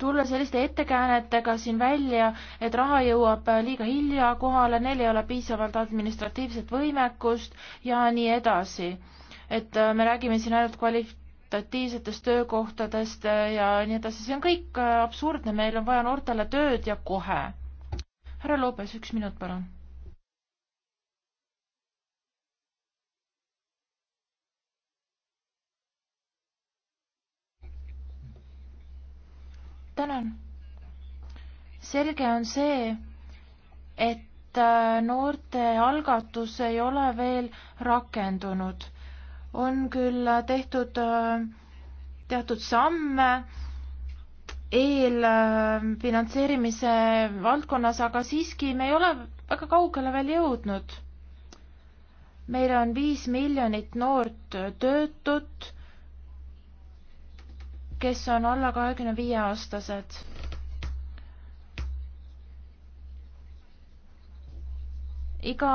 tulla selliste ettekäänetega siin välja, et raha jõuab liiga hilja kohale, neil ei ole piisavalt administratiivset võimekust ja nii edasi. et äh, me räägime siin ainult kvalitatiivsetest töökohtadest äh, ja nii edasi, see on kõik äh, absurdne, meil on vaja noortele tööd ja kohe. härra Loobes, üks minut, palun tänan. selge on see, et äh, noorte algatus ei ole veel rakendunud. on küll äh, tehtud äh, teatud samme eelfinantseerimise valdkonnas, aga siiski me ei ole väga kaugele veel jõudnud. meil on viis miljonit noort töötut kes on alla kahekümne viie aastased. iga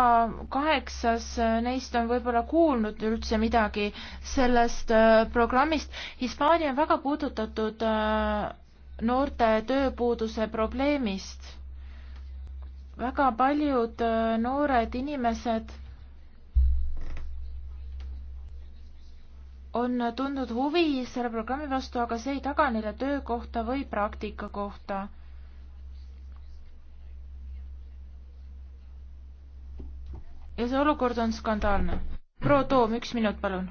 kaheksas neist on võib-olla kuulnud üldse midagi sellest äh, programmist. Hispaania on väga puudutatud äh, noorte tööpuuduse probleemist. väga paljud äh, noored inimesed on tundnud huvi selle programmi vastu, aga see ei taga neile töökohta või praktika kohta. ja see olukord on skandaalne. proua Toom, üks minut, palun.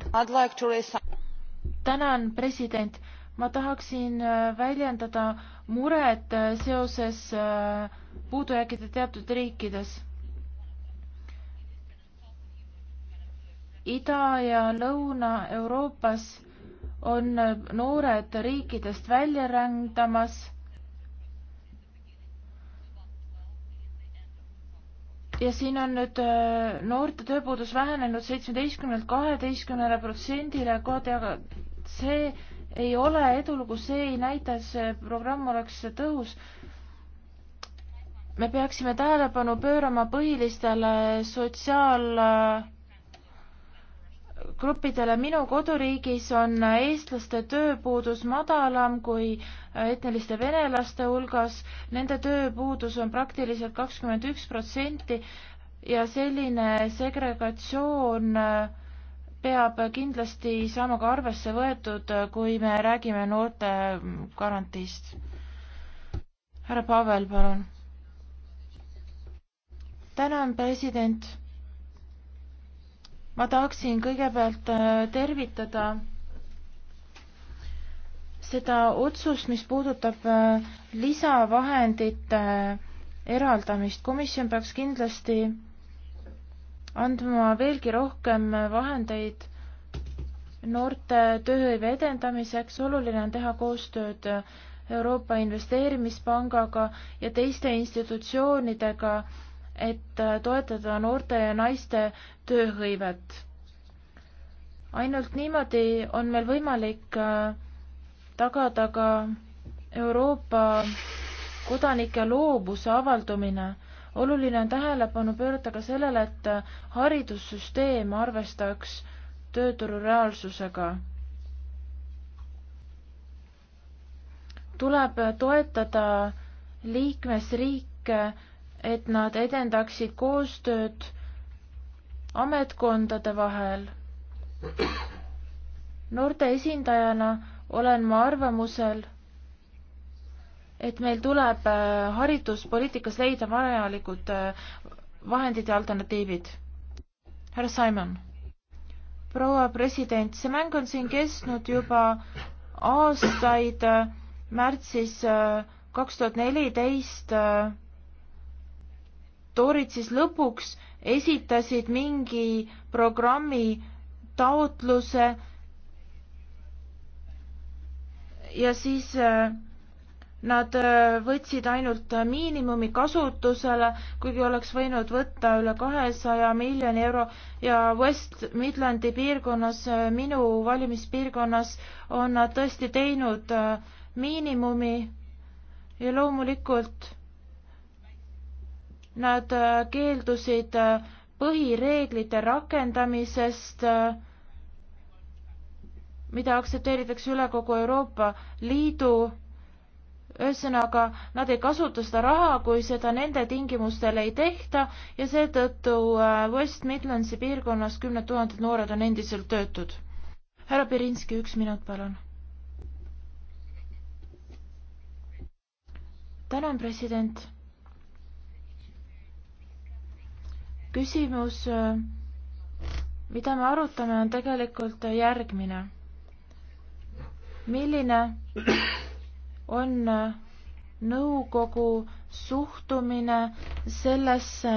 tänan, president. ma tahaksin äh, väljendada muret äh, seoses äh, puudujääkide teatud riikides Ida- ja Lõuna-Euroopas on noored riikidest välja rändamas. ja siin on nüüd äh, noorte tööpuudus vähenenud seitsmeteistkümnelt kaheteistkümnele protsendile, aga see ei ole edulugu, see ei näita, et see programm oleks tõhus. me peaksime tähelepanu pöörama põhilistele sotsiaal- gruppidele. minu koduriigis on eestlaste tööpuudus madalam kui etniliste venelaste hulgas. Nende tööpuudus on praktiliselt kakskümmend üks protsenti ja selline segregatsioon äh, peab kindlasti saama ka arvesse võetud, äh, kui me räägime noorte mm, garantiist. härra Pavel, palun. tänan, president ma tahaksin kõigepealt äh, tervitada seda otsust, mis puudutab äh, lisavahendite äh, eraldamist. komisjon peaks kindlasti andma veelgi rohkem vahendeid noorte tööhõive edendamiseks, oluline on teha koostööd Euroopa Investeerimispangaga ja teiste institutsioonidega et äh, toetada noorte ja naiste tööhõivet. ainult niimoodi on meil võimalik äh, tagada ka Euroopa kodanike loovuse avaldumine. oluline on tähelepanu pöörata ka sellele, et äh, haridussüsteem arvestaks tööturu reaalsusega. tuleb toetada liikmesriike et nad edendaksid koostööd ametkondade vahel. noorte esindajana olen ma arvamusel, et meil tuleb äh, hariduspoliitikas leida vajalikud äh, vahendid ja alternatiivid. härra Simon. proua president, see mäng on siin kestnud juba aastaid, äh, märtsis kaks tuhat neliteist toorid siis lõpuks esitasid mingi programmi taotluse ja siis äh, nad äh, võtsid ainult miinimumi kasutusele, kuigi oleks võinud võtta üle kahesaja miljoni euro ja West Midlandi piirkonnas, äh, minu valimispiirkonnas, on nad tõesti teinud miinimumi ja loomulikult Nad äh, keeldusid äh, põhireeglite rakendamisest, äh, mida aktsepteeritakse üle kogu Euroopa Liidu. ühesõnaga, nad ei kasuta seda raha, kui seda nende tingimustel ei tehta ja seetõttu West Midlandsi piirkonnas kümned tuhanded noored on endiselt töötud. härra Pirinski, üks minut, palun tänan, president. küsimus, mida me arutame, on tegelikult järgmine. milline on nõukogu suhtumine sellesse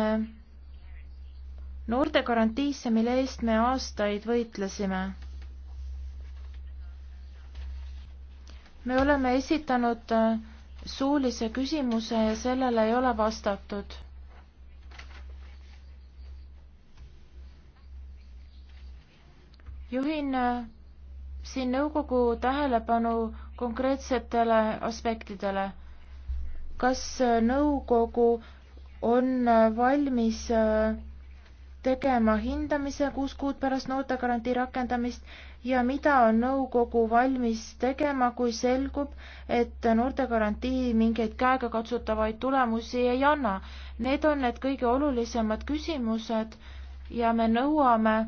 noortegarantiisse, mille eest me aastaid võitlesime? me oleme esitanud suulise küsimuse ja sellele ei ole vastatud juhin äh, siin nõukogu tähelepanu konkreetsetele aspektidele. kas äh, nõukogu on äh, valmis tegema hindamise kuus kuud pärast noortegarantii rakendamist ja mida on nõukogu valmis tegema, kui selgub, et noortegarantii mingeid käegakatsutavaid tulemusi ei anna. Need on need kõige olulisemad küsimused ja me nõuame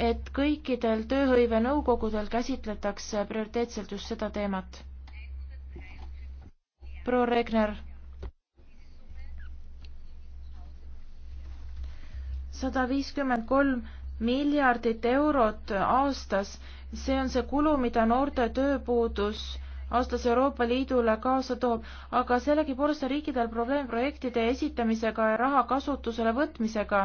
et kõikidel tööhõivenõukogudel käsitletakse prioriteetselt just seda teemat. proua Regner. sada viiskümmend kolm miljardit eurot aastas, see on see kulu, mida noorte tööpuudus aastas Euroopa Liidule kaasa toob, aga sellegipoolest on riikidel probleem projektide esitamisega ja raha kasutusele võtmisega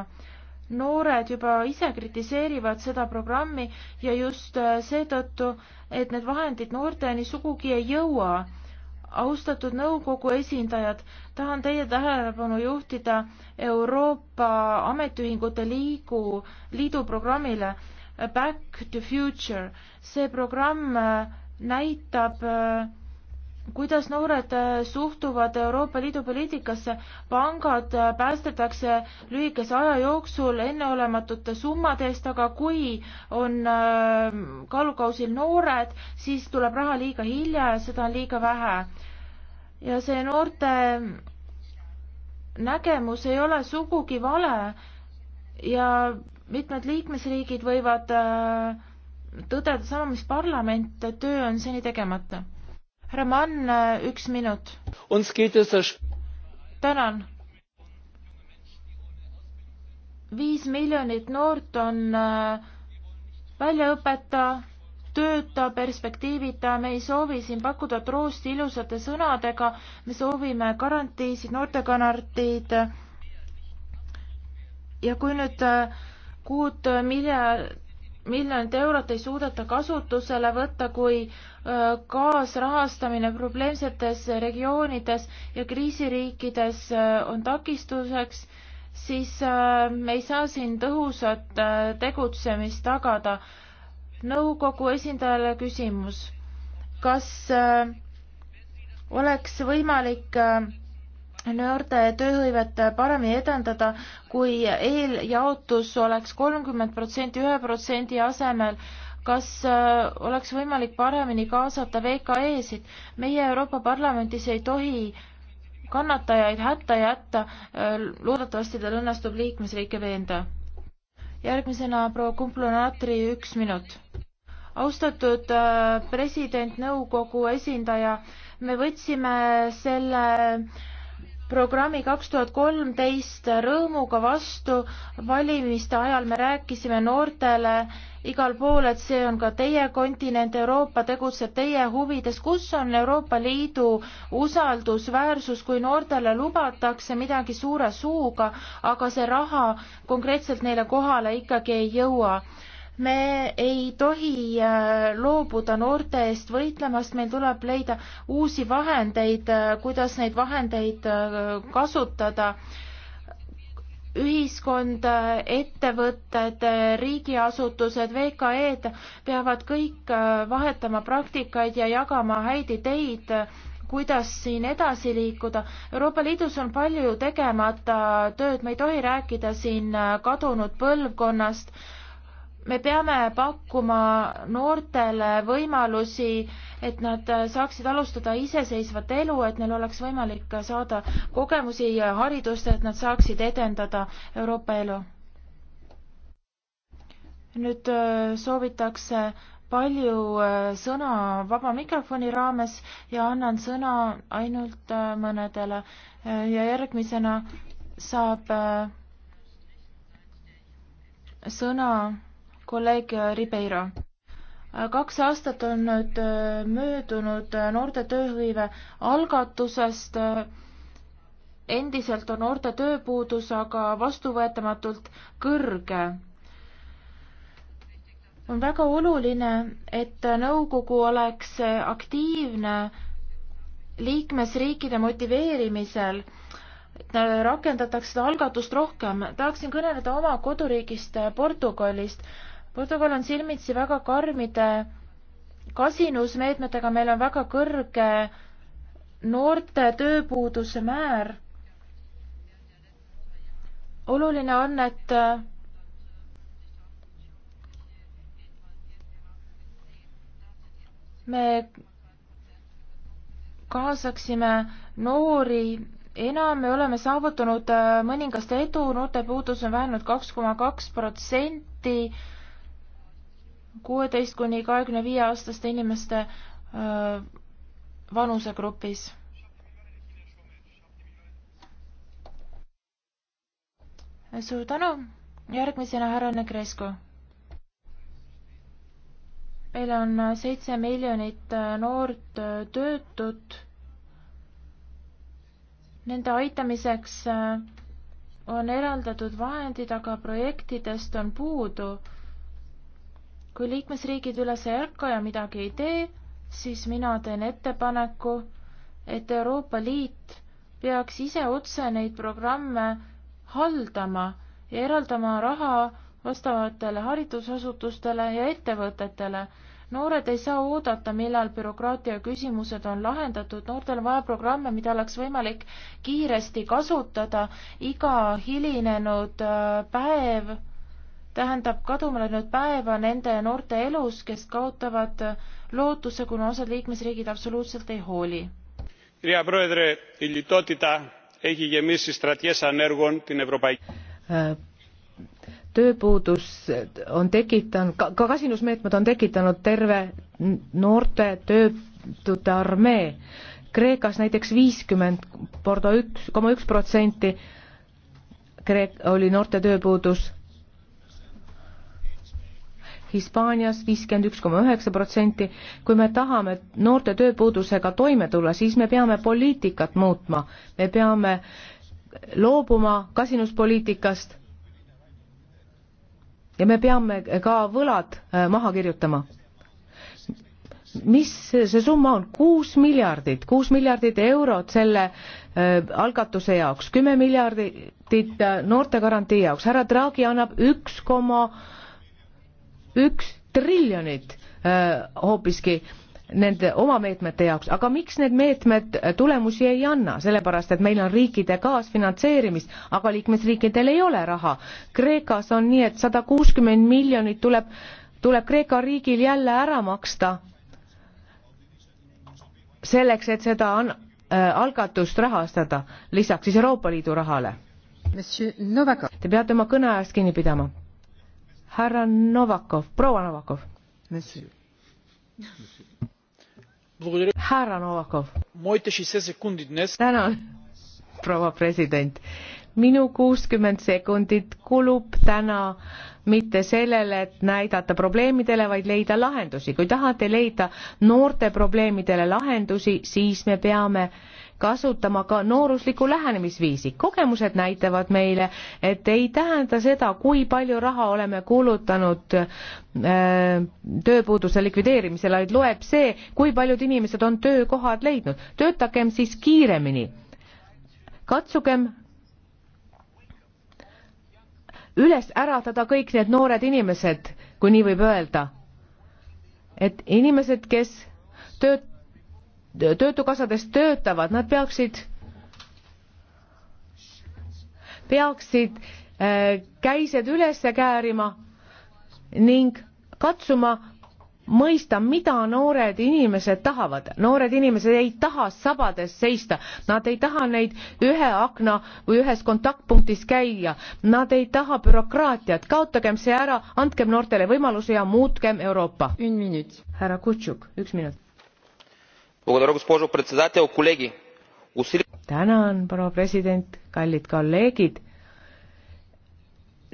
noored juba ise kritiseerivad seda programmi ja just äh, seetõttu, et need vahendid noorteni sugugi ei jõua. austatud nõukogu esindajad, tahan teie tähelepanu juhtida Euroopa Ametiühingute Liigu, liidu programmile äh, Back to Future. see programm äh, näitab äh, kuidas noored äh, suhtuvad Euroopa Liidu poliitikasse. pangad äh, päästetakse lühikese aja jooksul enneolematute summade eest, aga kui on äh, kaalukausil noored, siis tuleb raha liiga hilja ja seda on liiga vähe. ja see noorte nägemus ei ole sugugi vale ja mitmed liikmesriigid võivad tõdeda sama, mis parlament, töö on seni tegemata härra Mann, äh, üks minut. tänan. viis miljonit noort on äh, väljaõpeta, tööta, perspektiivita, me ei soovi siin pakkuda troosti ilusate sõnadega, me soovime garantiisid, noortegarantiid. ja kui nüüd äh, kuut miljard miljonit eurot ei suudeta kasutusele võtta, kui kaasrahastamine probleemsetes regioonides ja kriisiriikides on takistuseks, siis me ei saa siin tõhusat tegutsemist tagada. nõukogu esindajale küsimus, kas oleks võimalik noorte tööhõivet paremini edendada, kui eeljaotus oleks kolmkümmend protsenti ühe protsendi asemel, kas äh, oleks võimalik paremini kaasata VKE-sid? meie Euroopa Parlamendis ei tohi kannatajaid hätta jätta, äh, loodetavasti tal õnnestub liikmesriike veenda. järgmisena proua Kumplonatri üks minut. austatud äh, president, nõukogu esindaja, me võtsime selle programmi kaks tuhat kolmteist rõõmuga vastu. valimiste ajal me rääkisime noortele igal pool, et see on ka teie kontinent, Euroopa tegutseb teie huvides. kus on Euroopa Liidu usaldusväärsus, kui noortele lubatakse midagi suure suuga, aga see raha konkreetselt neile kohale ikkagi ei jõua? me ei tohi äh, loobuda noorte eest võitlemast, meil tuleb leida uusi vahendeid, äh, kuidas neid vahendeid äh, kasutada. ühiskond, ettevõtted, riigiasutused, VKE-d peavad kõik vahetama praktikaid ja jagama häid ideid, kuidas siin edasi liikuda. Euroopa Liidus on palju tegemata tööd, me ei tohi rääkida siin kadunud põlvkonnast me peame pakkuma noortele võimalusi, et nad saaksid alustada iseseisvat elu, et neil oleks võimalik saada kogemusi ja haridust, et nad saaksid edendada Euroopa elu. nüüd äh, soovitakse palju äh, sõna vaba mikrofoni raames ja annan sõna ainult äh, mõnedele ja järgmisena saab sõna kolleeg Ribeiro kaks aastat on nüüd äh, möödunud äh, noorte tööhõive algatusest. endiselt on noorte tööpuudus aga vastuvõetamatult kõrge. on väga oluline, et nõukogu oleks aktiivne liikmesriikide motiveerimisel äh, rakendatakse seda algatust rohkem. tahaksin kõneleda oma koduriigist Portugalist. Portugal on silmitsi väga karmide kasinusmeetmetega, meil on väga kõrge noorte tööpuuduse määr. oluline on, et me kaasaksime noori enam, me oleme saavutanud mõningast edu, noorte puudus on vähenenud kaks koma kaks protsenti kuueteist kuni kahekümne viie aastaste inimeste vanusegrupis. suur tänu, järgmisena härra Negresko. meil on seitse miljonit noort töötut. Nende aitamiseks on eraldatud vahendid, aga projektidest on puudu kui liikmesriigid üles ei ärka ja midagi ei tee, siis mina teen ettepaneku, et Euroopa Liit peaks ise otse neid programme haldama ja eraldama raha vastavatele haridusasutustele ja ettevõtetele. noored ei saa oodata, millal bürokraatia küsimused on lahendatud, noortel on vaja programme, mida oleks võimalik kiiresti kasutada, iga hilinenud äh, päev tähendab kaduma läinud päeva nende noorte elus, kes kaotavad lootuse, kuna osad liikmesriigid absoluutselt ei hooli. tööpuudus on tekitanud, ka kasinusmeetmed on tekitanud terve noorte töötute armee. Kreekas näiteks viiskümmend korda üks koma üks protsenti Kreek-, oli noorte tööpuudus Hispaanias viiskümmend üks koma üheksa protsenti. kui me tahame noorte tööpuudusega toime tulla, siis me peame poliitikat muutma, me peame loobuma kasinuspoliitikast ja me peame ka võlad äh, maha kirjutama mis see summa on, kuus miljardit, kuus miljardit eurot selle äh, algatuse jaoks, kümme miljardit äh, noortegarantii jaoks, härra Draghi annab üks koma äh, üks triljonit äh, hoopiski nende oma meetmete jaoks, aga miks need meetmed tulemusi ei anna, sellepärast et meil on riikide kaasfinantseerimist, aga liikmesriikidel ei ole raha. Kreekas on nii, et sada kuuskümmend miljonit tuleb, tuleb Kreeka riigil jälle ära maksta selleks, et seda on, äh, algatust rahastada, lisaks siis Euroopa Liidu rahale. Te peate oma kõne ajast kinni pidama härra Novakov, proua Novakov. härra Novakov. tänan, proua president minu kuuskümmend sekundit kulub täna mitte sellele, et näidata probleemidele, vaid leida lahendusi. kui tahate leida noorte probleemidele lahendusi, siis me peame kasutama ka nooruslikku lähenemisviisi. kogemused näitavad meile, et ei tähenda seda, kui palju raha oleme kulutanud äh, tööpuuduse likvideerimisele, vaid loeb see, kui paljud inimesed on töökohad leidnud. töötagem siis kiiremini. katsugem üles äratada kõik need noored inimesed, kui nii võib öelda. et inimesed, kes tööt-, töötukassades töötavad, nad peaksid, peaksid äh, käised üles käärima ning katsuma mõista, mida noored inimesed tahavad. noored inimesed ei taha sabades seista, nad ei taha neid ühe akna või ühes kontaktpunktis käia, nad ei taha bürokraatiat, kaotagem see ära, andkem noortele võimaluse ja muutkem Euroopa. härra Kutšuk, üks minut госпожо председател колеги tänan proua president kallid kolleegid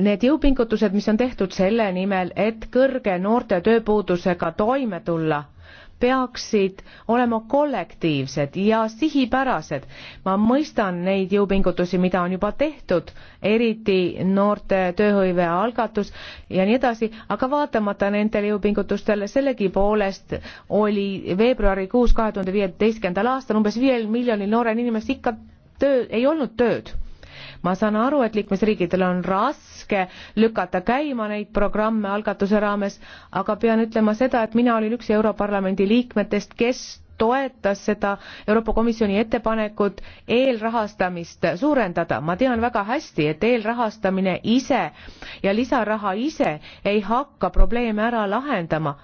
need jõupingutused mis on tehtud selle nimel et kõrge noorte tööpuudusega toime tulla peaksid olema kollektiivsed ja sihipärased. ma mõistan neid jõupingutusi, mida on juba tehtud, eriti noorte tööhõive algatus ja nii edasi, aga vaatamata nendele jõupingutustele sellegipoolest oli veebruarikuus kahe tuhande viieteistkümnendal aastal umbes viiel miljonil noorel inimesel ikka töö, ei olnud tööd ma saan aru, et liikmesriigidel on raske lükata käima neid programme algatuse raames, aga pean ütlema seda, et mina olin üks Europarlamendi liikmetest, kes toetas seda Euroopa Komisjoni ettepanekut eelrahastamist suurendada. ma tean väga hästi, et eelrahastamine ise ja lisaraha ise ei hakka probleeme ära lahendama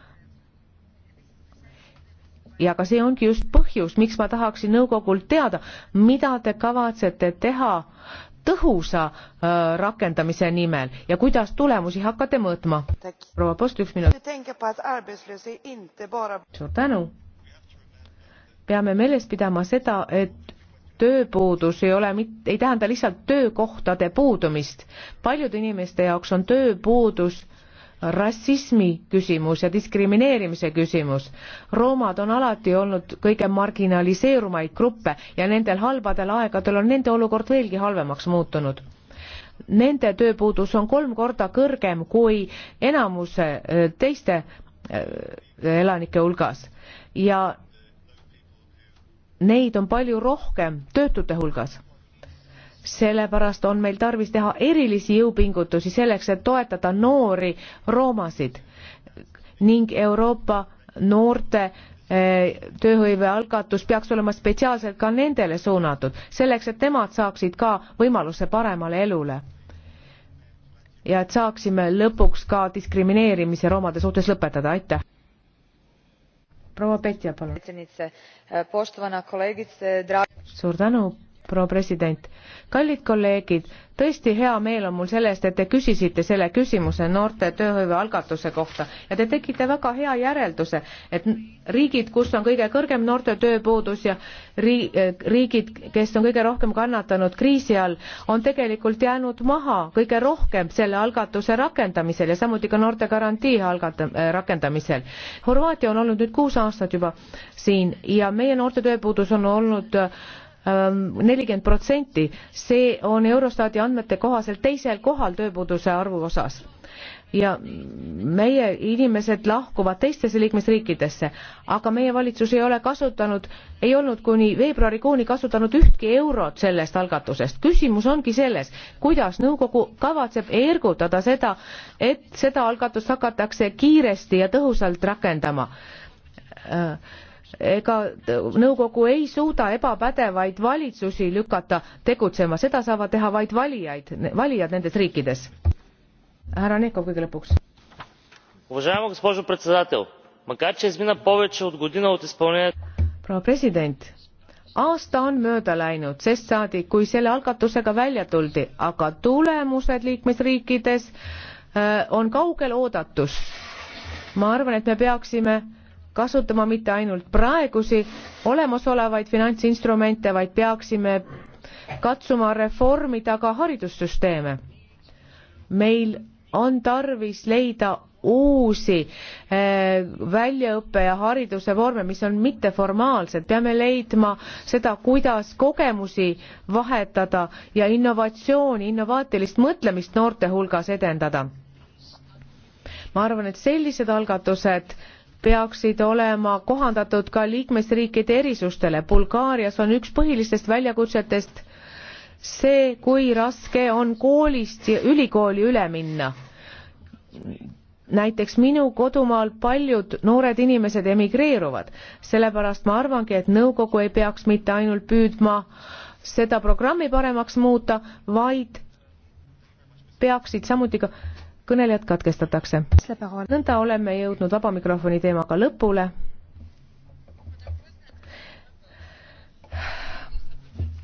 ja ka see ongi just põhjus, miks ma tahaksin nõukogult teada, mida te kavatsete teha tõhusa äh, rakendamise nimel ja kuidas tulemusi hakkate mõõtma? proua Post, üks minut. suur tänu. peame meeles pidama seda, et tööpuudus ei ole mit-, ei tähenda lihtsalt töökohtade puudumist. paljude inimeste jaoks on tööpuudus äh, rassismi küsimus ja diskrimineerimise küsimus. roomad on alati olnud kõige marginaliseerumaid gruppe ja nendel halbadel aegadel on nende olukord veelgi halvemaks muutunud. Nende tööpuudus on kolm korda kõrgem kui enamuse äh, teiste äh, elanike hulgas ja neid on palju rohkem töötute hulgas sellepärast on meil tarvis teha erilisi jõupingutusi selleks, et toetada noori roomasid ning Euroopa noorte eh, tööhõive algatus peaks olema spetsiaalselt ka nendele suunatud, selleks et nemad saaksid ka võimaluse paremale elule. ja et saaksime lõpuks ka diskrimineerimise roomade suhtes lõpetada, aitäh! proua Petja, palun. suur tänu, proua president. kallid kolleegid, tõesti hea meel on mul selle eest, et te küsisite selle küsimuse noorte tööhõive algatuse kohta ja te tegite väga hea järelduse, et riigid, kus on kõige kõrgem noorte tööpuudus ja riigid, kes on kõige rohkem kannatanud kriisi all, on tegelikult jäänud maha kõige rohkem selle algatuse rakendamisel ja samuti ka noorte garantii algata-, rakendamisel. Horvaatia on olnud nüüd kuus aastat juba siin ja meie noorte tööpuudus on olnud äh, Ähm, nelikümmend protsenti see on eurostati andmete kohaselt teisel kohal tööpuuduse arvu osas ja meie inimesed lahkuvad teistesse liikmesriikidesse aga meie valitsus ei ole kasutanud ei olnud kuni veebruarikuuni kasutanud ühtki eurot sellest algatusest küsimus ongi selles kuidas nõukogu kavatseb ergutada seda et seda algatust hakatakse kiiresti ja tõhusalt rakendama äh, ega nõukogu ei suuda ebapädevaid valitsusi lükata tegutsema, seda saavad teha vaid valijaid, valijad nendes riikides. härra Nekov kõige lõpuks. proua president, aasta on mööda läinud, sest saadik, kui selle algatusega välja tuldi, aga tulemused liikmesriikides äh, on kaugel oodatus. ma arvan, et me peaksime kasutama mitte ainult praegusi olemasolevaid finantsinstrumente, vaid peaksime katsuma reformida ka haridussüsteeme. meil on tarvis leida uusi äh, väljaõppe ja hariduse vorme, mis on mitteformaalsed, peame leidma seda, kuidas kogemusi vahetada ja innovatsiooni, innovaatilist mõtlemist noorte hulgas edendada. ma arvan, et sellised algatused äh, peaksid olema kohandatud ka liikmesriikide erisustele. Bulgaarias on üks põhilistest väljakutsetest see, kui raske on koolist ülikooli üle minna. näiteks minu kodumaal paljud noored inimesed emigreeruvad, sellepärast ma arvangi, et nõukogu ei peaks mitte ainult püüdma seda programmi paremaks muuta, vaid peaksid samuti ka kõnelejad katkestatakse. nõnda oleme jõudnud vaba mikrofoni teemaga lõpule.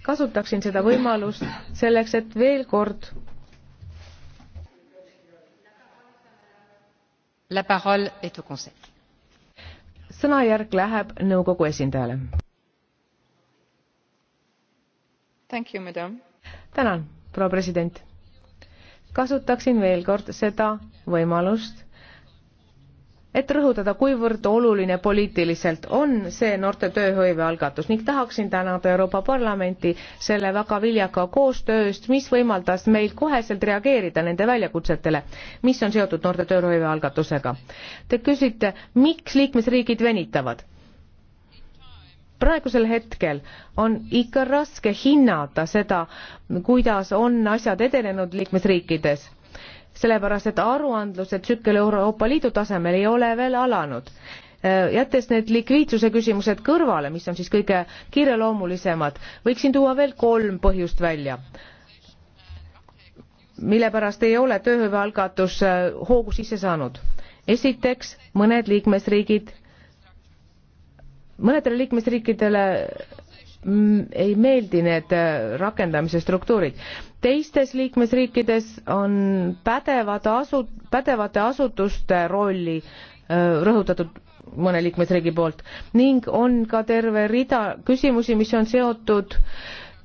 kasutaksin seda võimalust selleks, et veel kord sõnajärg läheb nõukogu esindajale. tänan, proua president kasutaksin veel kord seda võimalust, et rõhutada, kuivõrd oluline poliitiliselt on see noorte tööhõive algatus ning tahaksin tänada Euroopa Parlamenti selle väga viljaka koostöö eest, mis võimaldas meil koheselt reageerida nende väljakutsetele, mis on seotud noorte tööhõive algatusega. Te küsite, miks liikmesriigid venitavad praegusel hetkel on ikka raske hinnata seda, kuidas on asjad edenenud liikmesriikides, sellepärast et aruandluse tsükkel Euroopa Liidu tasemel ei ole veel alanud äh, jättes need likviidsuse küsimused kõrvale, mis on siis kõige kiireloomulisemad, võiksin tuua veel kolm põhjust välja mille pärast ei ole tööhõivealgatus äh, hoogu sisse saanud esiteks mõned liikmesriigid mõnedele liikmesriikidele mm, ei meeldi need äh, rakendamise struktuurid. teistes liikmesriikides on pädevad asu-, pädevate asutuste rolli äh, rõhutatud mõne liikmesriigi poolt ning on ka terve rida küsimusi, mis on seotud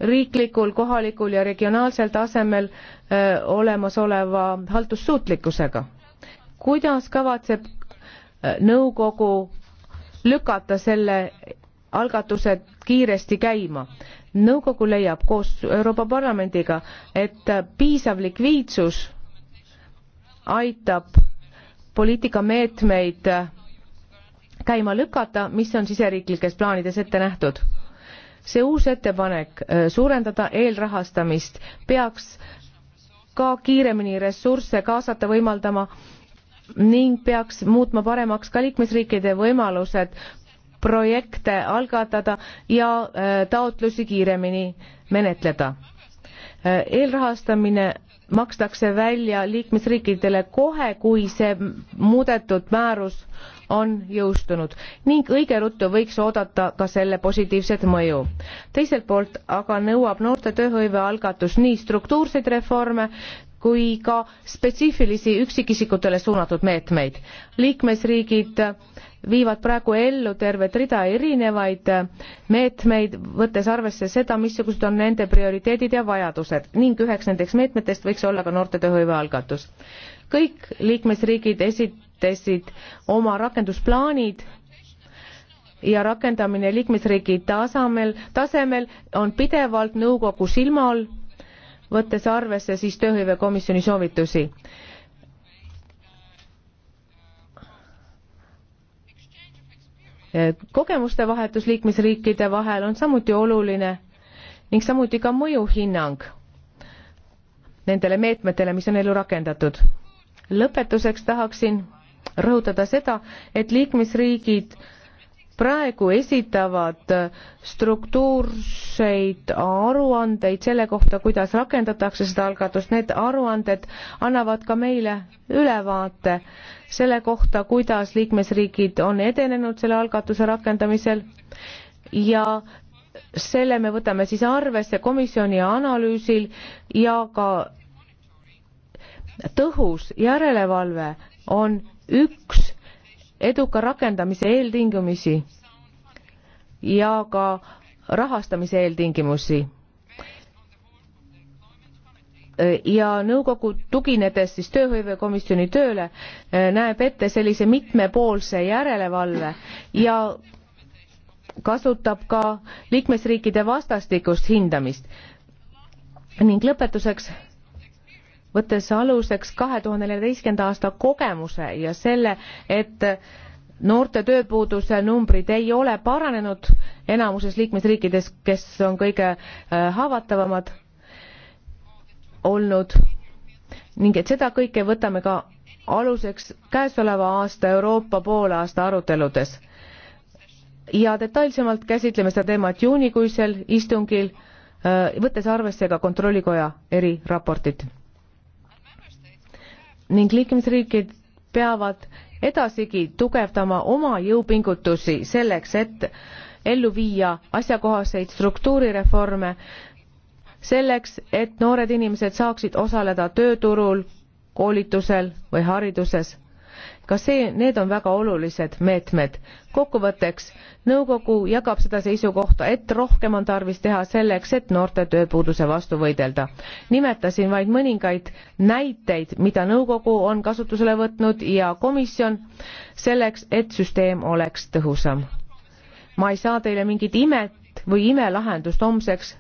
riiklikul, kohalikul ja regionaalsel tasemel öö, äh, olemasoleva haldussuutlikkusega. kuidas kavatseb nõukogu lükata selle algatused kiiresti käima. nõukogu leiab koos Euroopa Parlamendiga, et piisav likviidsus aitab poliitikameetmeid käima lükata, mis on siseriiklikes plaanides ette nähtud. see uus ettepanek äh, suurendada eelrahastamist peaks ka kiiremini ressursse kaasata võimaldama äh, ning peaks muutma paremaks ka liikmesriikide võimalused projekte algatada ja äh, taotlusi kiiremini menetleda. Äh, eelrahastamine makstakse välja liikmesriikidele kohe, kui see muudetud määrus on jõustunud ning õige ruttu võiks oodata ka selle positiivset mõju. teiselt poolt aga nõuab noorte tööhõive algatus nii struktuurseid reforme kui ka spetsiifilisi üksikisikutele suunatud meetmeid. liikmesriigid viivad praegu ellu tervet rida erinevaid meetmeid, võttes arvesse seda, missugused on nende prioriteedid ja vajadused ning üheks nendeks meetmetest võiks olla ka noorte tööhõive algatus. kõik liikmesriigid esitasid oma rakendusplaanid ja rakendamine liikmesriigi tasemel, tasemel on pidevalt nõukogu silma all võttes arvesse siis tööhõivekomisjoni soovitusi. kogemuste vahetus liikmesriikide vahel on samuti oluline ning samuti ka mõjuhinnang nendele meetmetele, mis on ellu rakendatud. lõpetuseks tahaksin rõhutada seda, et liikmesriigid praegu esitavad struktuurseid aruandeid selle kohta, kuidas rakendatakse seda algatust, need aruanded annavad ka meile ülevaate selle kohta, kuidas liikmesriigid on edenenud selle algatuse rakendamisel ja selle me võtame siis arvesse komisjoni analüüsil ja ka tõhus järelevalve on üks eduka rakendamise eeltingimusi ja ka rahastamise eeltingimusi. ja nõukogu, tuginedes siis tööhõivekomisjoni tööle, eh, näeb ette sellise mitmepoolse järelevalve ja kasutab ka liikmesriikide vastastikust hindamist. ning lõpetuseks võttes aluseks kahe tuhande neljateistkümnenda aasta kogemuse ja selle, et noorte tööpuuduse numbrid ei ole paranenud enamuses liikmesriikides, kes on kõige äh, haavatavamad olnud ning et seda kõike võtame ka aluseks käesoleva aasta Euroopa poolaasta aruteludes. ja detailsemalt käsitleme seda teemat juunikuisel istungil, äh, võttes arvesse ka Kontrollikoja eriraportit ning liikmesriigid peavad edasigi tugevdama oma jõupingutusi selleks, et ellu viia asjakohaseid struktuurireforme, selleks, et noored inimesed saaksid osaleda tööturul, koolitusel või hariduses ka see, need on väga olulised meetmed. kokkuvõtteks, nõukogu jagab seda seisukohta, et rohkem on tarvis teha selleks, et noorte tööpuuduse vastu võidelda. nimetasin vaid mõningaid näiteid, mida nõukogu on kasutusele võtnud ja komisjon selleks, et süsteem oleks tõhusam. ma ei saa teile mingit imet või imelahendust homseks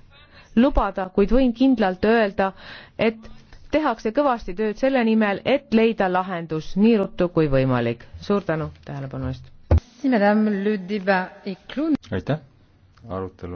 lubada, kuid võin kindlalt öelda, et tehakse kõvasti tööd selle nimel, et leida lahendus nii ruttu kui võimalik. suur tänu tähelepanu eest! aitäh, arutelu